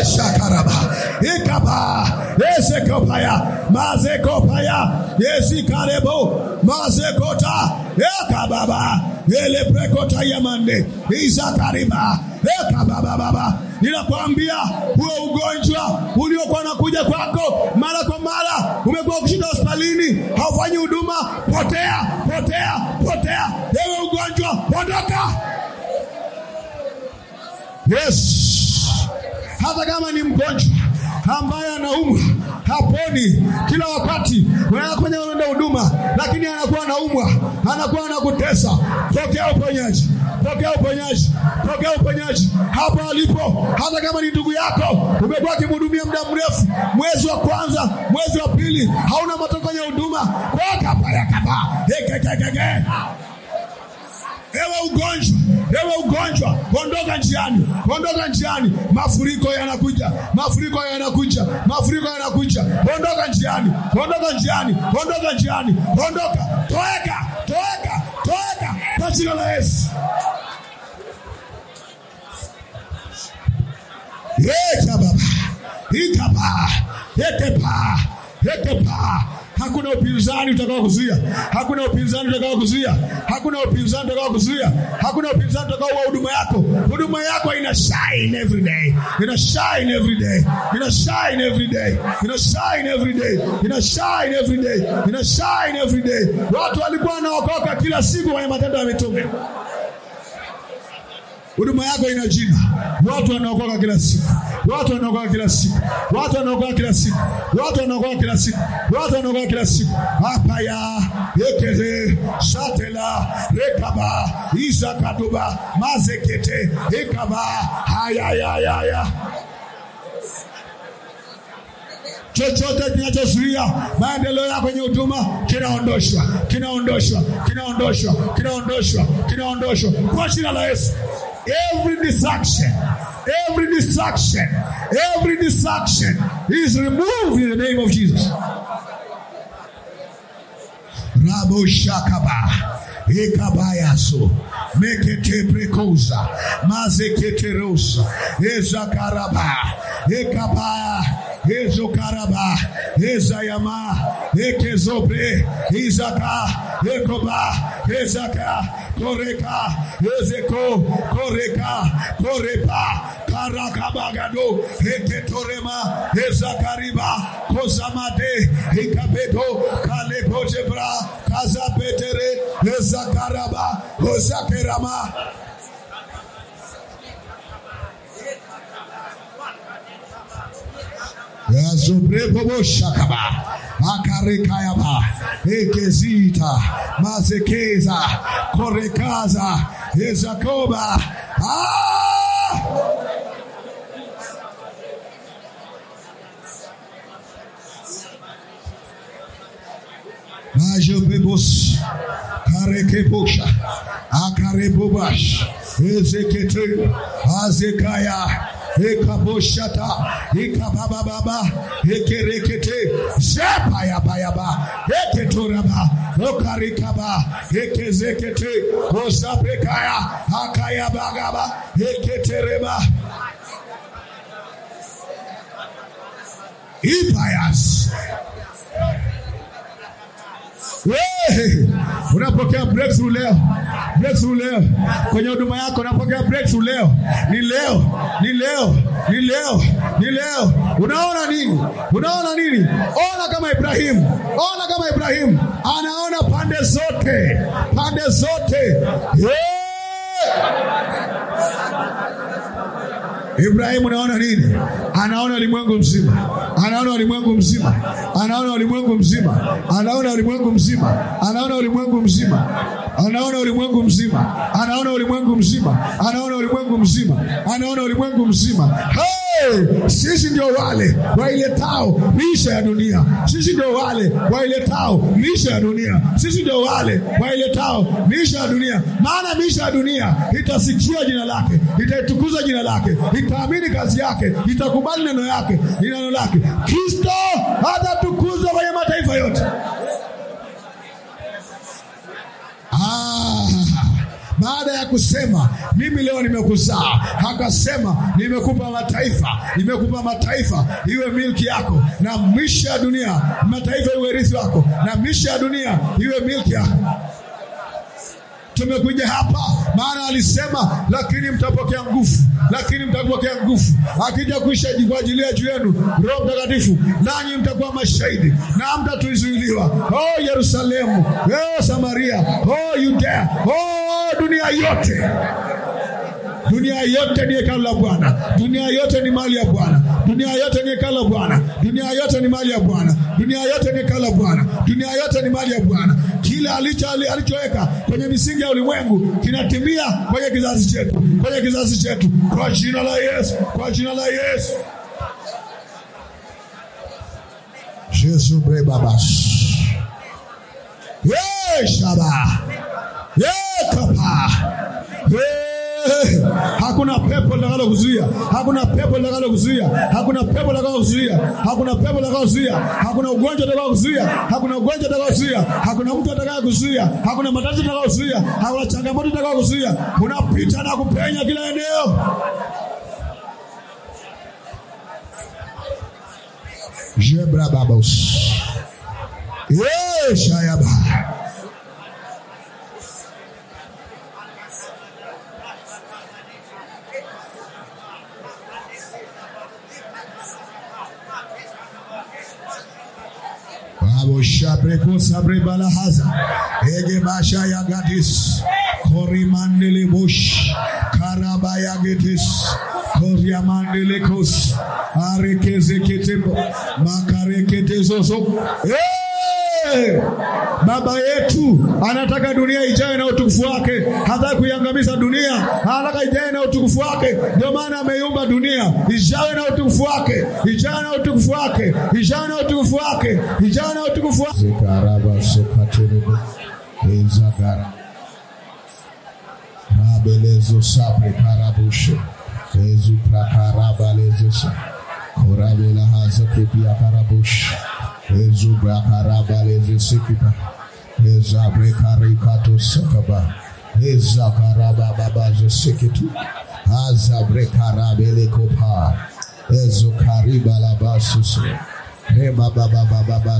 eshakaraba ikapa esekopaya mazekopaya esikarebo mazekota ekababa eleprekota yamande izakariba ekababababa ninakwambia huo ugonjwa uliokuwa nakuja kwako mara kwa mara umekuwa ukishinda hospitalini haufanyi huduma potea potea potea ewe ugonjwa ondoka yes hata kama ni mgonjwa ambaye anaumwa haponi, kila wakati unaenda kwenye unaenda huduma, lakini anakuwa anaumwa, anakuwa anakutesa. Pokea uponyaji, pokea uponyaji, pokea uponyaji hapo alipo. Hata kama ni ndugu yako umekuwa akimhudumia muda mrefu, mwezi wa kwanza, mwezi wa pili, hauna matokeo ya huduma kwakapayakapa ewe ugonjwa, ewe ugonjwa, ondoka njiani, ondoka njiani. Mafuriko yanakuja, mafuriko yanakuja, mafuriko yanakuja. Ondoka njiani, ondoka njiani, ondoka njiani, ondoka, toeka, toeka, toeka kwa jina la Yesu. Yeka baba, ikaba, yekepa, yekepa Hakuna upinzani utakao kuzuia, hakuna upinzani utakao kuzuia, hakuna upinzani utakao kuzuia, hakuna upinzani utakao wa huduma yako. Huduma yako ina shine every day, ina shine every day, ina shine every day, ina shine every day, ina shine every day, ina shine every day. Watu walikuwa wanaokoka kila siku kwenye matendo ya mitume. Huduma yako ina jina. Watu wanaokoka kila siku, watu wanaokoka kila siku, watu wanaokoka kila siku, watu wanaokoka kila siku, watu wanaokoka kila siku. hapa ya yekeze shatela rekaba isa kaduba mazekete ikaba haya ya ya chochote kinachozuia maendeleo yako kwenye huduma kinaondoshwa, kinaondoshwa, kinaondoshwa, kinaondoshwa, kinaondoshwa kwa jina la Yesu. Every distraction, every distraction, every distraction is removed in the name of Jesus. Rabo Shakaba. ekabayaso meketeprekoza mazeketerosa ezakaraba ekabaya Ezokaraba, Ezayama, Ekezobre, Izaka, Ekoba, Ezaka, Koreka, Ezeko, Koreka, Korepa, Karakabagado, Eketorema, Ezakariba, Kozamade, Ikabedo, Kaza Kazapetere, Ezakaraba, Ozakerama, Razubrebo Shakaba. Akarekayaba, Ekezita, Mazekeza, Korekaza, Ezakoba. Ah! Majobebos, Karekebosha, Akarebobash, ezeketu, Azekaya, Ekaboshata, Ekabababa, Ekerekete, Shapayabayaba, Eketoraba, Okarikaba, Ekezekete, Osapekaya, Akayabagaba, Eketereba. Ipayas. Unapokea breakthrough leo, breakthrough leo kwenye huduma yako, unapokea breakthrough leo. Ni leo, ni leo, ni leo, ni leo. Unaona nini? Unaona nini? Ona kama Ibrahimu, ona kama Ibrahimu anaona pande zote, pande zote. Hey! Ibrahimu unaona nini? Anaona ulimwengu mzima, anaona ulimwengu mzima, anaona ulimwengu mzima, anaona ulimwengu mzima, anaona ulimwengu mzima, anaona ulimwengu mzima, anaona ulimwengu mzima, anaona ulimwengu mzima, anaona ulimwengu mzima. Sisi ndio wale wailetao miisha ya dunia, sisi ndio wale wailetao miisha ya dunia, sisi ndio wale wailetao miisha ya dunia. Maana miisha ya dunia itasikia jina lake, itaitukuza jina lake taamini kazi yake, itakubali neno yake, ni neno lake. Kristo atatukuzwa kwenye mataifa yote. Ah, baada ya kusema mimi leo nimekuzaa, akasema nimekupa mataifa, nimekupa mataifa iwe milki yako, na mwisho ya dunia mataifa iwe rithi wako, na mwisho ya dunia iwe milki yako tumekuja hapa maana alisema, lakini mtapokea nguvu, lakini mtapokea nguvu akija kuisha kwa ajili ya juu yenu Roho Mtakatifu, nanyi mtakuwa mashahidi na mtatuzuiliwa. Oh Yerusalemu, oh Samaria, oh Yudea, oh dunia yote. Dunia yote ni hekalu la Bwana, dunia yote ni mali ya Bwana, dunia yote ni hekalu la Bwana, dunia yote ni mali ya Bwana, dunia yote ni hekalu la Bwana, dunia yote ni mali ya Bwana. Kila alichoweka kwenye misingi ya ulimwengu kinatimia kwenye kizazi chetu, kwenye kizazi chetu, kwa jina la Yesu, kwa jina la Yesu. Yesu bre baba. ye shaba ye kapa ye Hakuna pepo litakalokuzuia, hakuna pepo litakalokuzuia, hakuna pepo litakalokuzuia, hakuna pepo litakalokuzuia, hakuna ugonjwa utakaokuzuia, hakuna ugonjwa utakaokuzuia, hakuna mtu atakayekuzuia, hakuna matatizo utakaokuzuia, hakuna changamoto utakayokuzuia. Unapita na kupenya kila eneo. Jebra babos. Yeshayaba. Shabreko Sabrebala Haza, Egebasha Yagatis, Korimandele Bush, Karabayagetis, Koriamandelekos, Arekezekete, Makareketezoso, Hey! Eh, baba yetu anataka dunia ijawe na utukufu wake. Hataki kuiangamiza dunia, anataka ijawe na utukufu wake. Ndio maana ameumba dunia ijawe na utukufu wake, ijawe na utukufu wake, ijae na utukufu wake, ijae na utukufu wake. Ezubra Karabale Zisikiba. Sakaba. Ezakaraba Baba Zisikitu. Azabre Karabele Kopa. Ezukariba Labasusu. Reba Baba Baba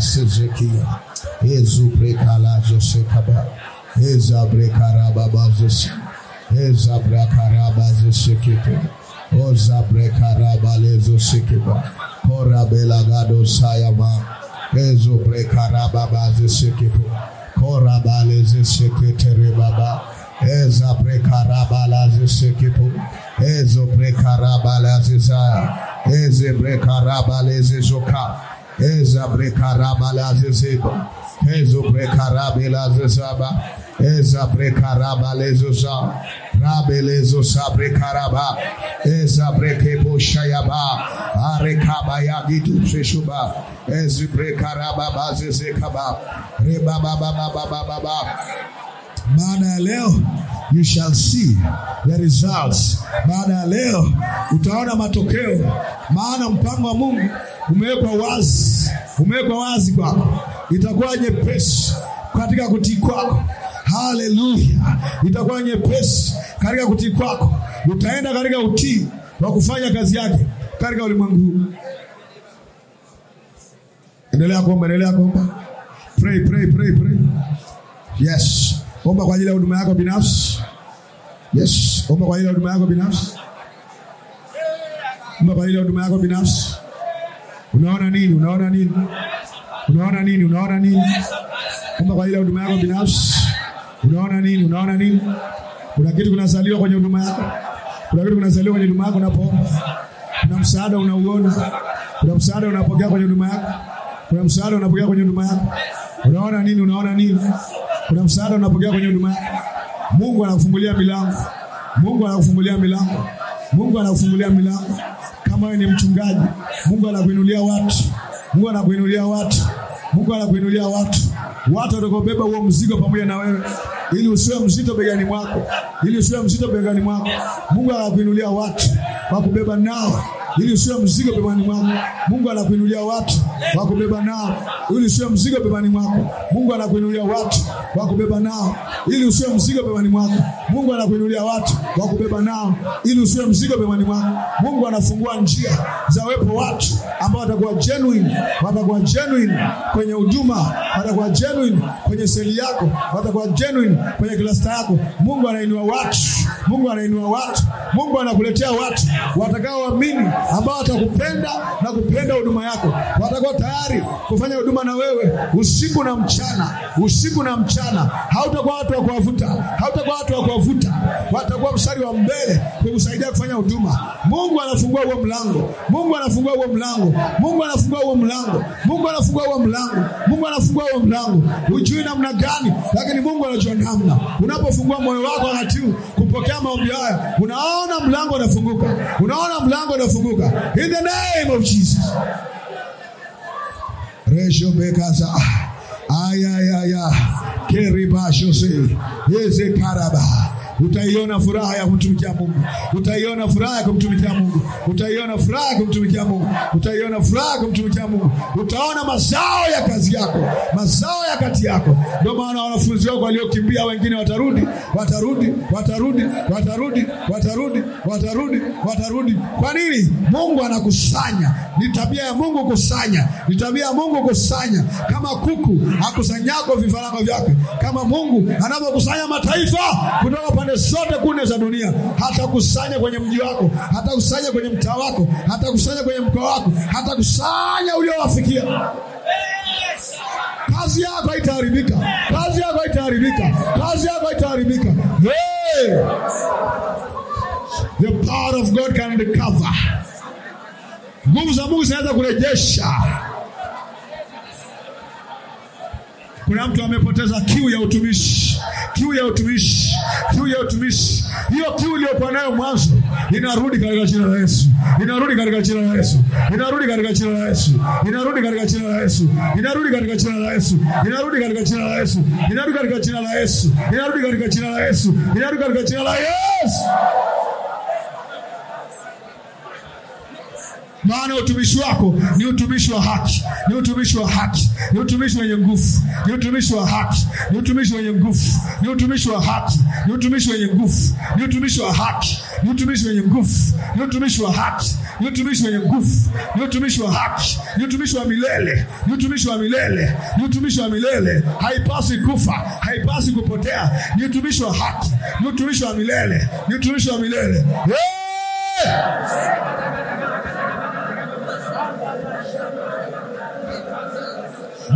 Korabela Gado Sayama. Rezo prekarababa zishikipu. Korabale zishikitiri baba. Eza prekarabala zishikipu. Ezo prekarabala zizaya. Eze prekarabale zizuka. Ezabrekarabalaziziba. Ezobrekarabelazizaba. Ezabrekarabalezuzaba. Rabelezo sabrekaraba. Ezabreke shayaba. Arekabaya gitu ba, ba, ba, ba, ba, ba, ba. Baada ya leo you shall see the results. Baada ya leo utaona matokeo, maana mpango wa Mungu umewekwa wazi, umewekwa wazi kwako, itakuwa nyepesi katika kutii kwako. Haleluya, itakuwa nyepesi katika kutii kwako. Utaenda katika utii wa kufanya kazi yake katika ulimwengu huu. Endelea kuomba, endelea kuomba, pray, pray, pray, pray. Yes. Omba kwa ajili ya huduma yako binafsi. Yes, omba kwa ajili ya huduma yako binafsi. Omba kwa ajili ya huduma yako binafsi. Unaona nini? Unaona nini? Unaona nini? Unaona nini? Omba kwa ajili ya huduma yako binafsi. Unaona nini? Unaona nini? Kuna kitu kinazaliwa kwenye huduma yako. Kuna kitu kinazaliwa kwenye huduma yako unapoomba. Kuna msaada unauona. Kuna msaada unapokea kwenye huduma yako. Kuna msaada unapokea kwenye huduma yako. Unaona nini? Unaona nini? Kuna msaada unapokea kwenye huduma yako. Mungu anakufungulia milango. Mungu anakufungulia milango. Mungu anakufungulia milango. Kama wewe ni mchungaji, Mungu anakuinulia watu. Mungu anakuinulia watu. Mungu anakuinulia watu. Watu watakaobeba huo mzigo pamoja na wewe ili usiwe mzito begani mwako, ili usiwe mzito begani mwako. Mungu anakuinulia watu wa kubeba nao Hili sio mzigo bebani mwako. Mungu anakuinulia watu wa kubeba nao. Hili sio mzigo bebani mwako. Mungu anakuinulia watu wa kubeba nao. Hili usio mzigo bebani mwako. Mungu anakuinulia watu wa kubeba nao. Hili usio mzigo bebani mwako. Mungu anafungua njia za wepo watu ambao watakuwa genuine, watakuwa genuine kwenye huduma, watakuwa genuine kwenye seli yako, watakuwa genuine kwenye klasta yako. Mungu anainua watu, Mungu anainua watu, Mungu anakuletea watu watakaoamini ambao watakupenda na kupenda huduma yako, watakuwa tayari kufanya huduma na wewe usiku na mchana, usiku na mchana. Hautakuwa watu wa kuwavuta, hautakuwa watu wa kuwavuta, watakuwa mstari wa mbele kukusaidia kufanya huduma. Mungu anafungua huo mlango, Mungu anafungua huo mlango, Mungu anafungua huo mlango, Mungu anafungua huo mlango, Mungu anafungua huo mlango. Hujui namna gani, lakini Mungu anajua namna. Unapofungua moyo wako wakati huu kupokea maombi haya, unaona mlango unafunguka, unaona mlango unafunguka. Kuga. In the name of Jesus. Resho Bekaza. Ah, ay, ay, ay, Utaiona furaha ya kumtumikia Mungu, utaiona furaha ya kumtumikia Mungu, utaiona furaha ya kumtumikia Mungu, utaiona furaha ya kumtumikia Mungu, utaona mazao ya kazi yako, mazao ya kati yako. Ndio maana wanafunzi wako waliokimbia wengine watarudi, watarudi, watarudi, watarudi, watarudi, watarudi, watarudi. Kwa nini? Mungu anakusanya. Ni tabia ya Mungu kusanya, ni tabia ya Mungu kusanya, kama kuku akusanyako vifaranga vyake, kama Mungu anavyokusanya mataifa kutoka pande zote kune za dunia, hata kusanya kwenye mji wako, hata kusanya kwenye mtaa wako, hata kusanya kwenye mkoa wako, hata kusanya uliowafikia. Kazi yako haitaharibika, kazi yako haitaharibika, kazi yako haitaharibika. Hey! The power of God can recover. Nguvu za Mungu zinaweza kurejesha Kuna mtu amepoteza kiu ya utumishi, kiu ya utumishi, kiu ya utumishi. Hiyo kiu iliyokuwa nayo mwanzo inarudi katika jina la Yesu, inarudi katika jina la Yesu, inarudi katika jina la Yesu, inarudi katika jina la Yesu, inarudi katika jina la Yesu, inarudi katika jina la Yesu, inarudi katika jina la Yesu, inarudi katika jina la Yesu, inarudi katika jina la Yesu. maana utumishi wako ni utumishi wa haki, ni utumishi wa haki, ni utumishi wenye nguvu, ni utumishi wa haki, ni utumishi wenye nguvu, ni utumishi wa haki, ni utumishi wenye nguvu, ni utumishi wa haki, ni utumishi wenye nguvu, ni utumishi wa haki, ni utumishi wenye nguvu, ni utumishi wa haki, ni utumishi wa milele, ni utumishi wa milele, ni utumishi wa milele, haipasi kufa, haipasi kupotea, ni utumishi wa haki, ni utumishi wa milele, ni utumishi wa milele. Yeah!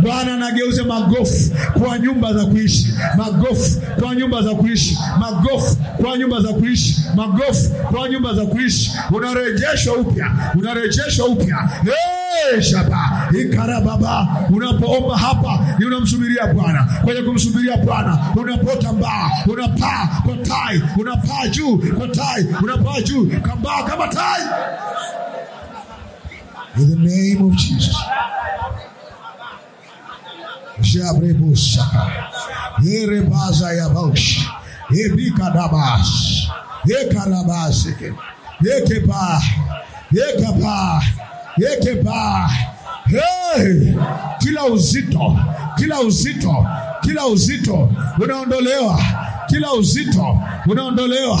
Bwana anageuze magofu kwa nyumba za kuishi, magofu kwa nyumba za kuishi, magofu kwa nyumba za kuishi, magofu kwa nyumba za kuishi. Unarejeshwa upya, unarejeshwa upya. shaba ikara baba, unapoomba hapa ni unamsubiria Bwana. Kwenye kumsubiria Bwana unapotambaa, unapaa kwa tai, unapaa juu kwa tai, unapaa juu kambaa kama tai. In the name of Jesus. Jabrebusaka. Erebaza yabosh. Ebikadabas. Ekarabasike. Ekeba. Ekeba. Ekeba. Hey! Kila uzito, kila uzito, kila uzito unaondolewa, kila uzito unaondolewa,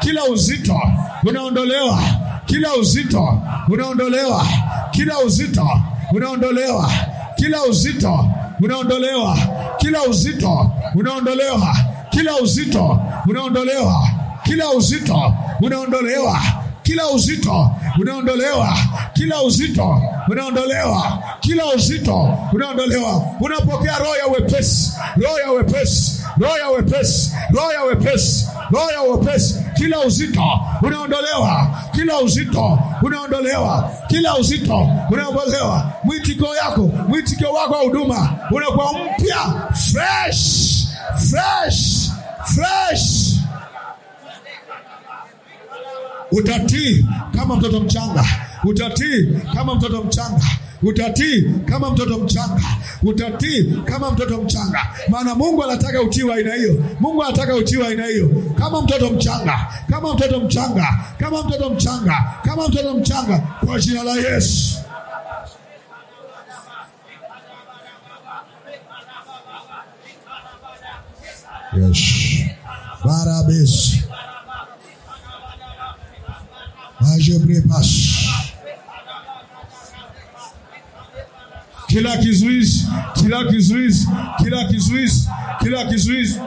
kila uzito unaondolewa, kila uzito unaondolewa, kila uzito unaondolewa, kila uzito unaondolewa, kila uzito unaondolewa, kila uzito unaondolewa, kila uzito unaondolewa kila uzito unaondolewa, kila uzito unaondolewa, kila uzito unaondolewa. Unapokea roho ya wepesi, roho ya wepesi, roho ya wepesi, roho ya wepesi, roho ya wepesi. Kila uzito unaondolewa, kila uzito unaondolewa, kila uzito unaondolewa. Mwitikio yako, mwitikio wako wa huduma unakuwa mpya, fresh, fresh, fresh Utatii kama mtoto mchanga, utatii kama mtoto mchanga utatii kama mtoto mchanga, utatii kama mtoto mchanga, maana Mungu anataka utii wa aina hiyo. Mungu anataka utii wa aina hiyo, kama mtoto mchanga, kama mtoto mchanga, kama mtoto mchanga, kama mtoto mchanga, kwa jina la Yesu. Yes. Barabesi. Ah, je prépare. Qu'il a qui suisse qu'il a qui suisse qu'il a qui suisse qu'il a qui suisse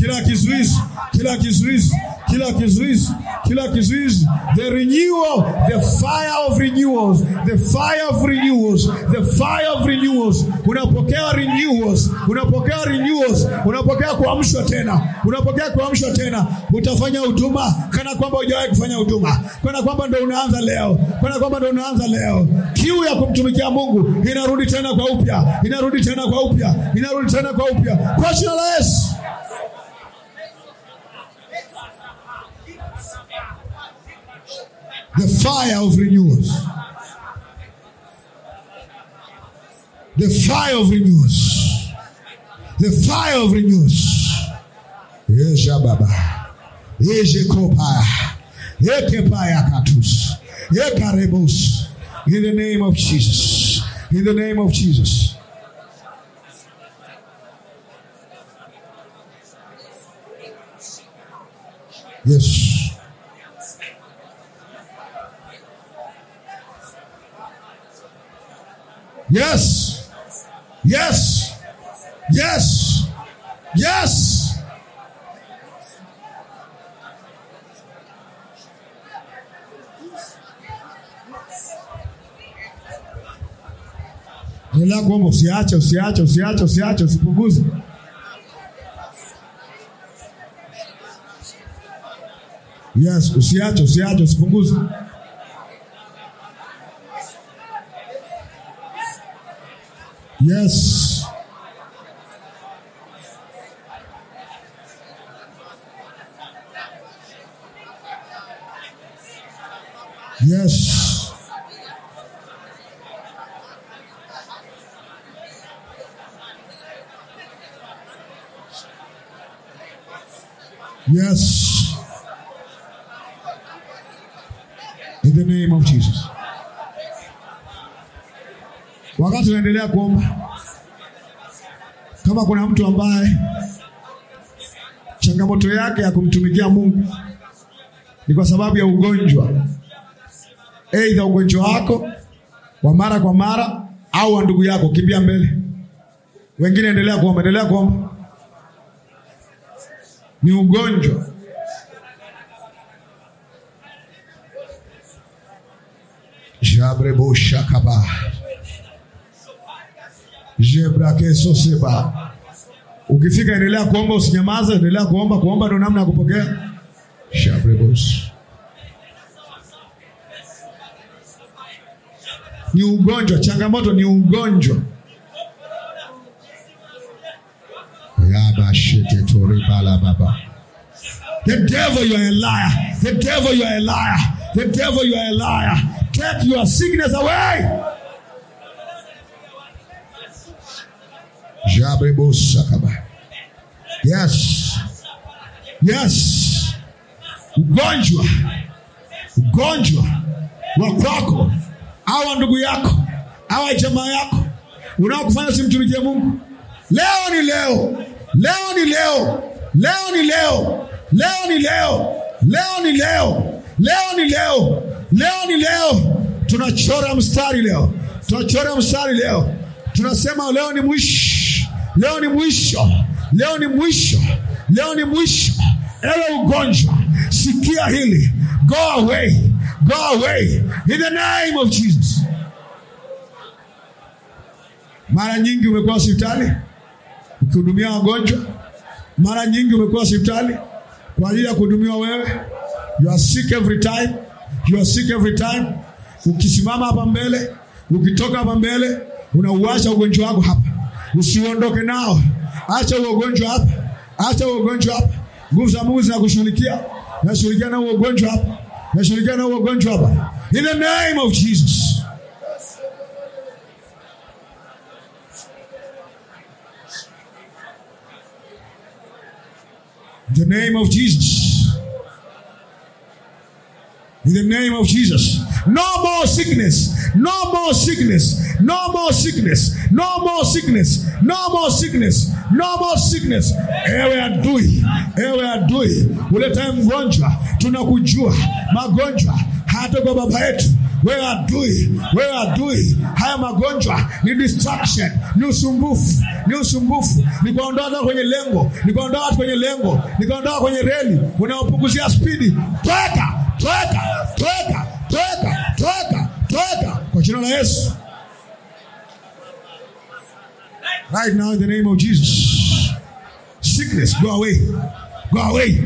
kila kizuizi, kila kizuizi, kila kizuizi, kila kizuizi, the renewal, the fire of renewals, the fire of renewals, the fire of renewals. Unapokea renewals, unapokea renewals, unapokea kuamshwa tena, unapokea kuamshwa tena. Utafanya huduma kana kwamba hujawahi kufanya huduma, kana kwamba ndo unaanza leo, kana kwamba ndo unaanza leo. Kiu ya kumtumikia Mungu inarudi tena kwa upya, inarudi tena kwa upya, inarudi tena kwa upya, kwa jina la Yesu. The fire of renewals. The fire of renewals. The fire of renewals. Yes, Baba. Yes, Kopa. Yes, Katus. Yekarebos. In the name of Jesus. In the name of Jesus. Yes. Yes. Yes. Yes. Yes. Endelea kuomba, usiache, usiache, usiache, usiache, usipunguze. Yes, usiache, usiache, usipunguze. Yes. Yes. Yes. In the name of Jesus. Wakati unaendelea kuomba Kama kuna mtu ambaye changamoto yake ya kumtumikia Mungu ni kwa sababu ya ugonjwa, aidha ugonjwa wako wa mara kwa mara au wa ndugu yako, kimbia mbele. Wengine endelea kuomba, endelea kuomba. Ni ugonjwa shabreboshakaba Jebrakesoseba. Ukifika endelea kuomba, usinyamaze, endelea kuomba. Kuomba ndio namna ya kupokea. Shabrebos. Ni ugonjwa, changamoto ni ugonjwa. The devil you are a liar. The devil you are a liar. The devil you are a liar. Take your sickness away. Jabrebosa Yes. Yes. Ugonjwa. Ugonjwa wa kwako awa ndugu yako awa jamaa yako unaokufanya simtumikie Mungu. Leo ni leo. Leo ni leo. Leo ni leo. Leo ni leo. Leo ni leo. Leo ni leo. Leo ni leo. Tunachora mstari leo. Tunachora mstari leo. Tunasema leo ni mwisho. Leo ni mwisho, leo ni mwisho, leo ni mwisho. Ewe ugonjwa, sikia hili, go away, go away in the name of Jesus. Mara nyingi umekuwa hospitali ukihudumia wagonjwa, mara nyingi umekuwa hospitali kwa ajili ya kuhudumiwa wewe. You are sick every time, you are sick every time. Ukisimama hapa mbele, ukitoka hapa mbele, unauacha ugonjwa wako hapa Usiondoke nao, acha huo ugonjwa hapa, acha huo ugonjwa hapa. Nguvu za Mungu zinakushughulikia, nashughulikia na huo ugonjwa hapa, nashughulikia na huo ugonjwa hapa, in the name of Jesus. In the name of Jesus. In the name of Jesus. No more sickness. No more sickness. No more sickness. No more sickness. No more sickness. No more sickness. Ewe adui. Ewe adui. Ule mgonjwa. Tunakujua. Magonjwa hata kwa baba yetu. Wewe adui, wewe adui, haya magonjwa ni distraction, ni usumbufu, ni usumbufu, ni kuondoa watu kwenye lengo, ni kuondoa watu kwenye lengo, ni kuondoa kwenye reli, unaopunguzia spidi. Toka, toka, toka, toka, toka, toka kwa jina la Yesu. Right now in the name of Jesus. Sickness, go away. Go away.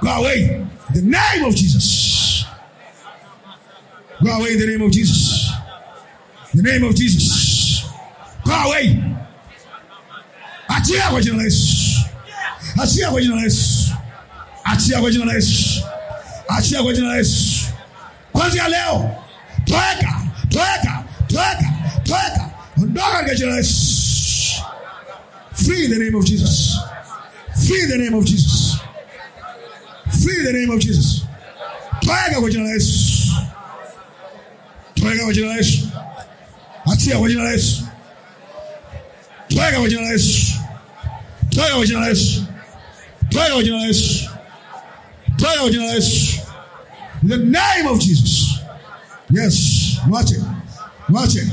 Go away. In the name of Jesus. Go away in the name of Jesus. In the name of Jesus. Go away. Atire água de nariz. Atire água de nariz. Atire a de nariz. Atire água de nariz. Quase é Léo. Troca, troca, troca, troca. Doga água de Free in the name of Jesus. Free in the name of Jesus. Free in the name of Jesus. Troca água de Tuweka kwa jina la Yesu, achia kwa jina la Yesu, tuweka kwa jina la Yesu, tuweka kwa jina la Yesu, tuweka kwa jina la Yesu, tuweka kwa jina la Yesu, in the name of Jesus. Yes, mwache, mwache,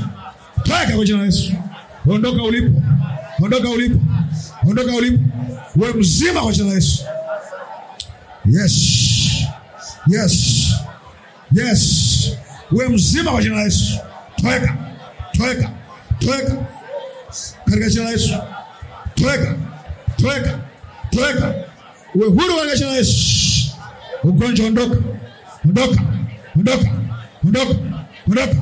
tuweka kwa jina la Yesu. Ondoka ulipo, ondoka ulipo, ondoka ulipo, wewe mzima kwa jina la Yesu. Yes, yes, yes. we mzima kwa jina la Yesu, toeka, toeka, toeka katika jina la Yesu, toeka, toeka, toeka, we huru katika jina la Yesu. Ugonjwa ondoka, ondoka, ondoka, ondoka, ondoka,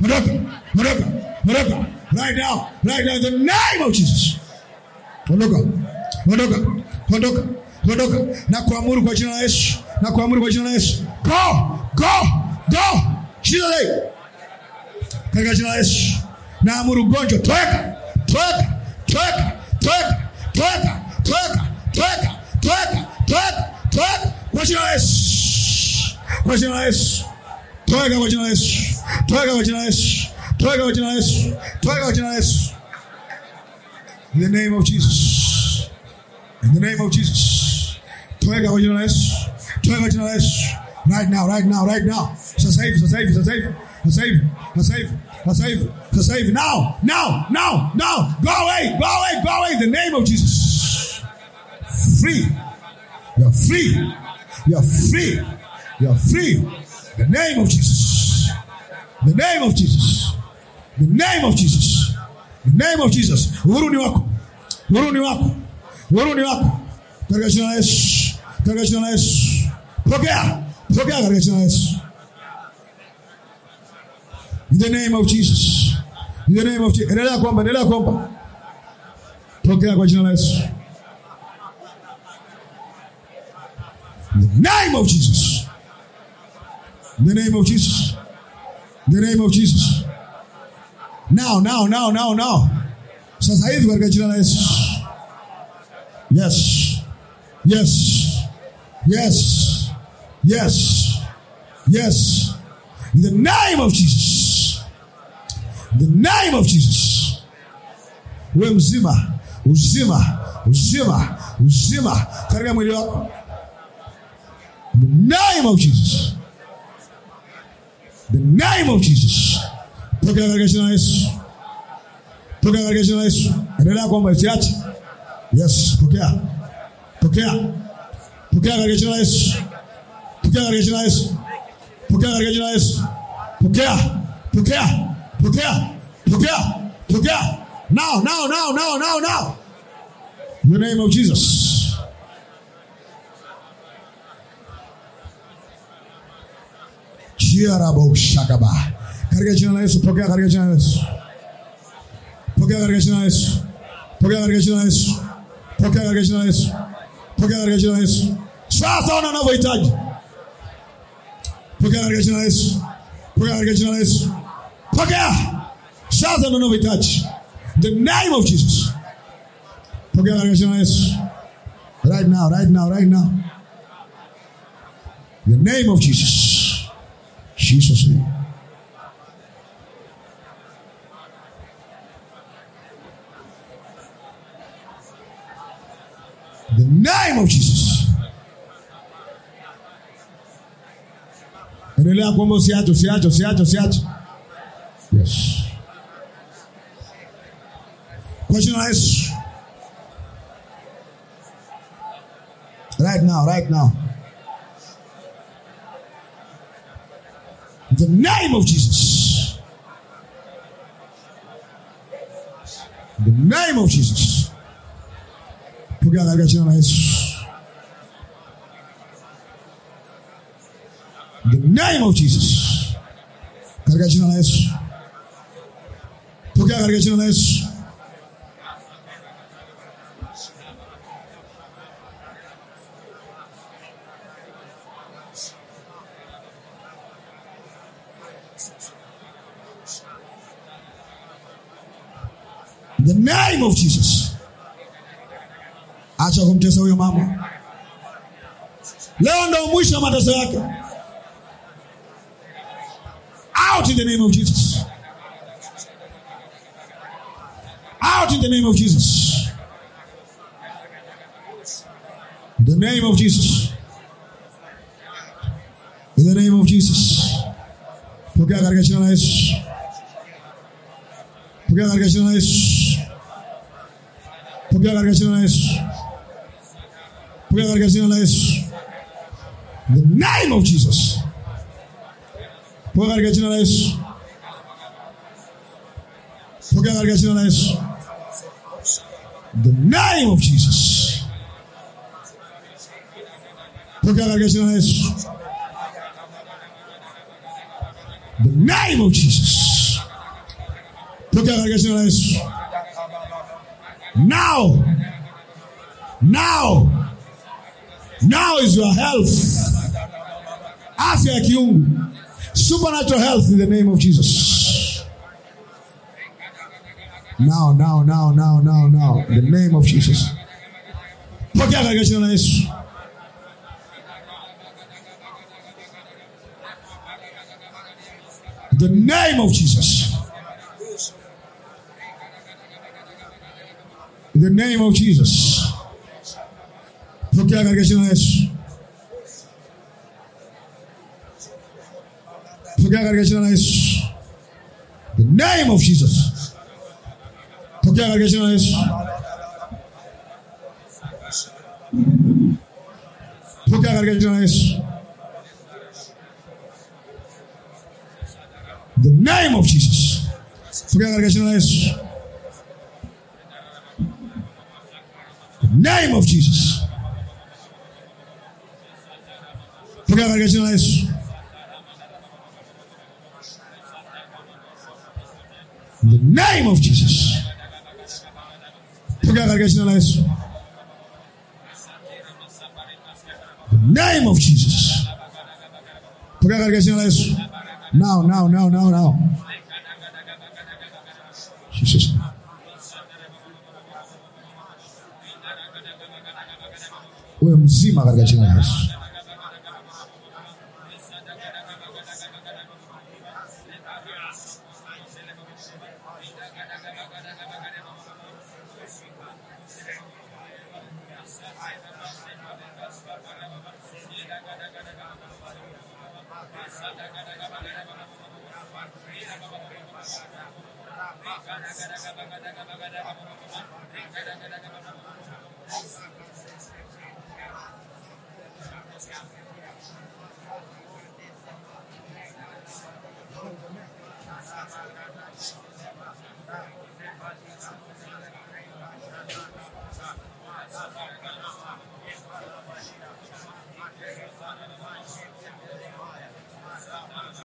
ondoka, ondoka, ondoka right now, right now in the name of Jesus. Ondoka, ondoka, ondoka, ondoka, na kuamuru kwa jina la Yesu, na kuamuru kwa jina la Yesu, go, go, go Jina lake katika jina la Yesu naamuru ugonjwa toka, toka, toka, toka, toka, toka, toka, toka, toka, toka kwa jina la Yesu, kwa jina la Yesu, toka kwa jina la Yesu, toka kwa jina la Yesu, toka kwa jina la Yesu, toka kwa jina la Yesu. In the name of Jesus, in the name of Jesus, toka kwa jina la Yesu, toka kwa jina la Yesu, right now, right now, right now save, a save, a save, a save, a save, a save, a save. Now, now, now, now. Go away, go away, go away. In the name of Jesus. Free. You're free. You're free. You're free. The name of Jesus. The name of Jesus. The name of Jesus. The name of Jesus. Uhuru ni wako. Uhuru ni wako. Uhuru ni Pokea. Pokea katika jina la Yesu. In the name of Jesus. In the name of Jesus. Endelea kuomba, endelea kuomba. Tokea kwa jina la Yesu. In the name of Jesus. In the name of Jesus. In the name of Jesus. Now, now, now, now, now. Sasa hivi katika jina la Yesu. Yes. Yes. Yes. Yes. Yes. In the name of Jesus. the name of Jesus. We uzima, uzima, uzima, uzima katika mwili wako, the name of Jesus, the name of Jesus. Pokea katika jina la Yesu, pokea katika jina la Yesu. Endelea kuomba usiache. Yes, pokea, pokea, pokea katika jina la Yesu, pokea katika jina la Yesu, pokea katika jina la Yesu, pokea, pokea. Prepare. Prepare. Prepare. Now, now, now, now, now, now. In the name of Jesus. Carga de isso, por que a carga de isso? Por que a carga de isso? Por que a carga de isso? Por que a carga de isso? Por que a carga de isso? Sasa wana anavyohitaji. Pokea a jina la Yesu. Pokea a jina la Yesu. Forget. Shout them and touch. The name of Jesus. Forget Right now, right now, right now. The name of Jesus. Jesus' name. The name of Jesus. Ele é como se acha, se acha, se acha, se acha. Yes. Question is right now, right now. In the name of Jesus. In the name of Jesus. Porque a larga tinha isso. In the name of Jesus. Carga de isso. Por que the name of Jesus. Acha kumtesa huyo mama. Leo ndio mwisho wa mateso yake. Out in the name of Jesus. out in the name of Jesus. In the name of Jesus. In the name of Jesus. Por que a gargantina não é isso? Por que a gargantina não é isso? Por que a gargantina não é isso? Por que a gargantina não é isso? In the name of Jesus. Por que a gargantina não é isso? Por que a gargantina não é isso? the name of Jesus. The name of Jesus. Now, now, now is your health. Afya kiungu. Supernatural health in the name of Jesus. Now, now, now, now, now, now. The name of Jesus. The name of Jesus. The name of Jesus. The name of Jesus. क्या करके सुना यीशु वो क्या करके सुना The name of Jesus. वो क्या करके सुना name of Jesus. Por que acrescentar isso? the name of Jesus. Piga gargajina la Yesu. Name of Jesus. Piga não é isso? Now, now, now, now, now. Jesus. Wewe a katika não é isso?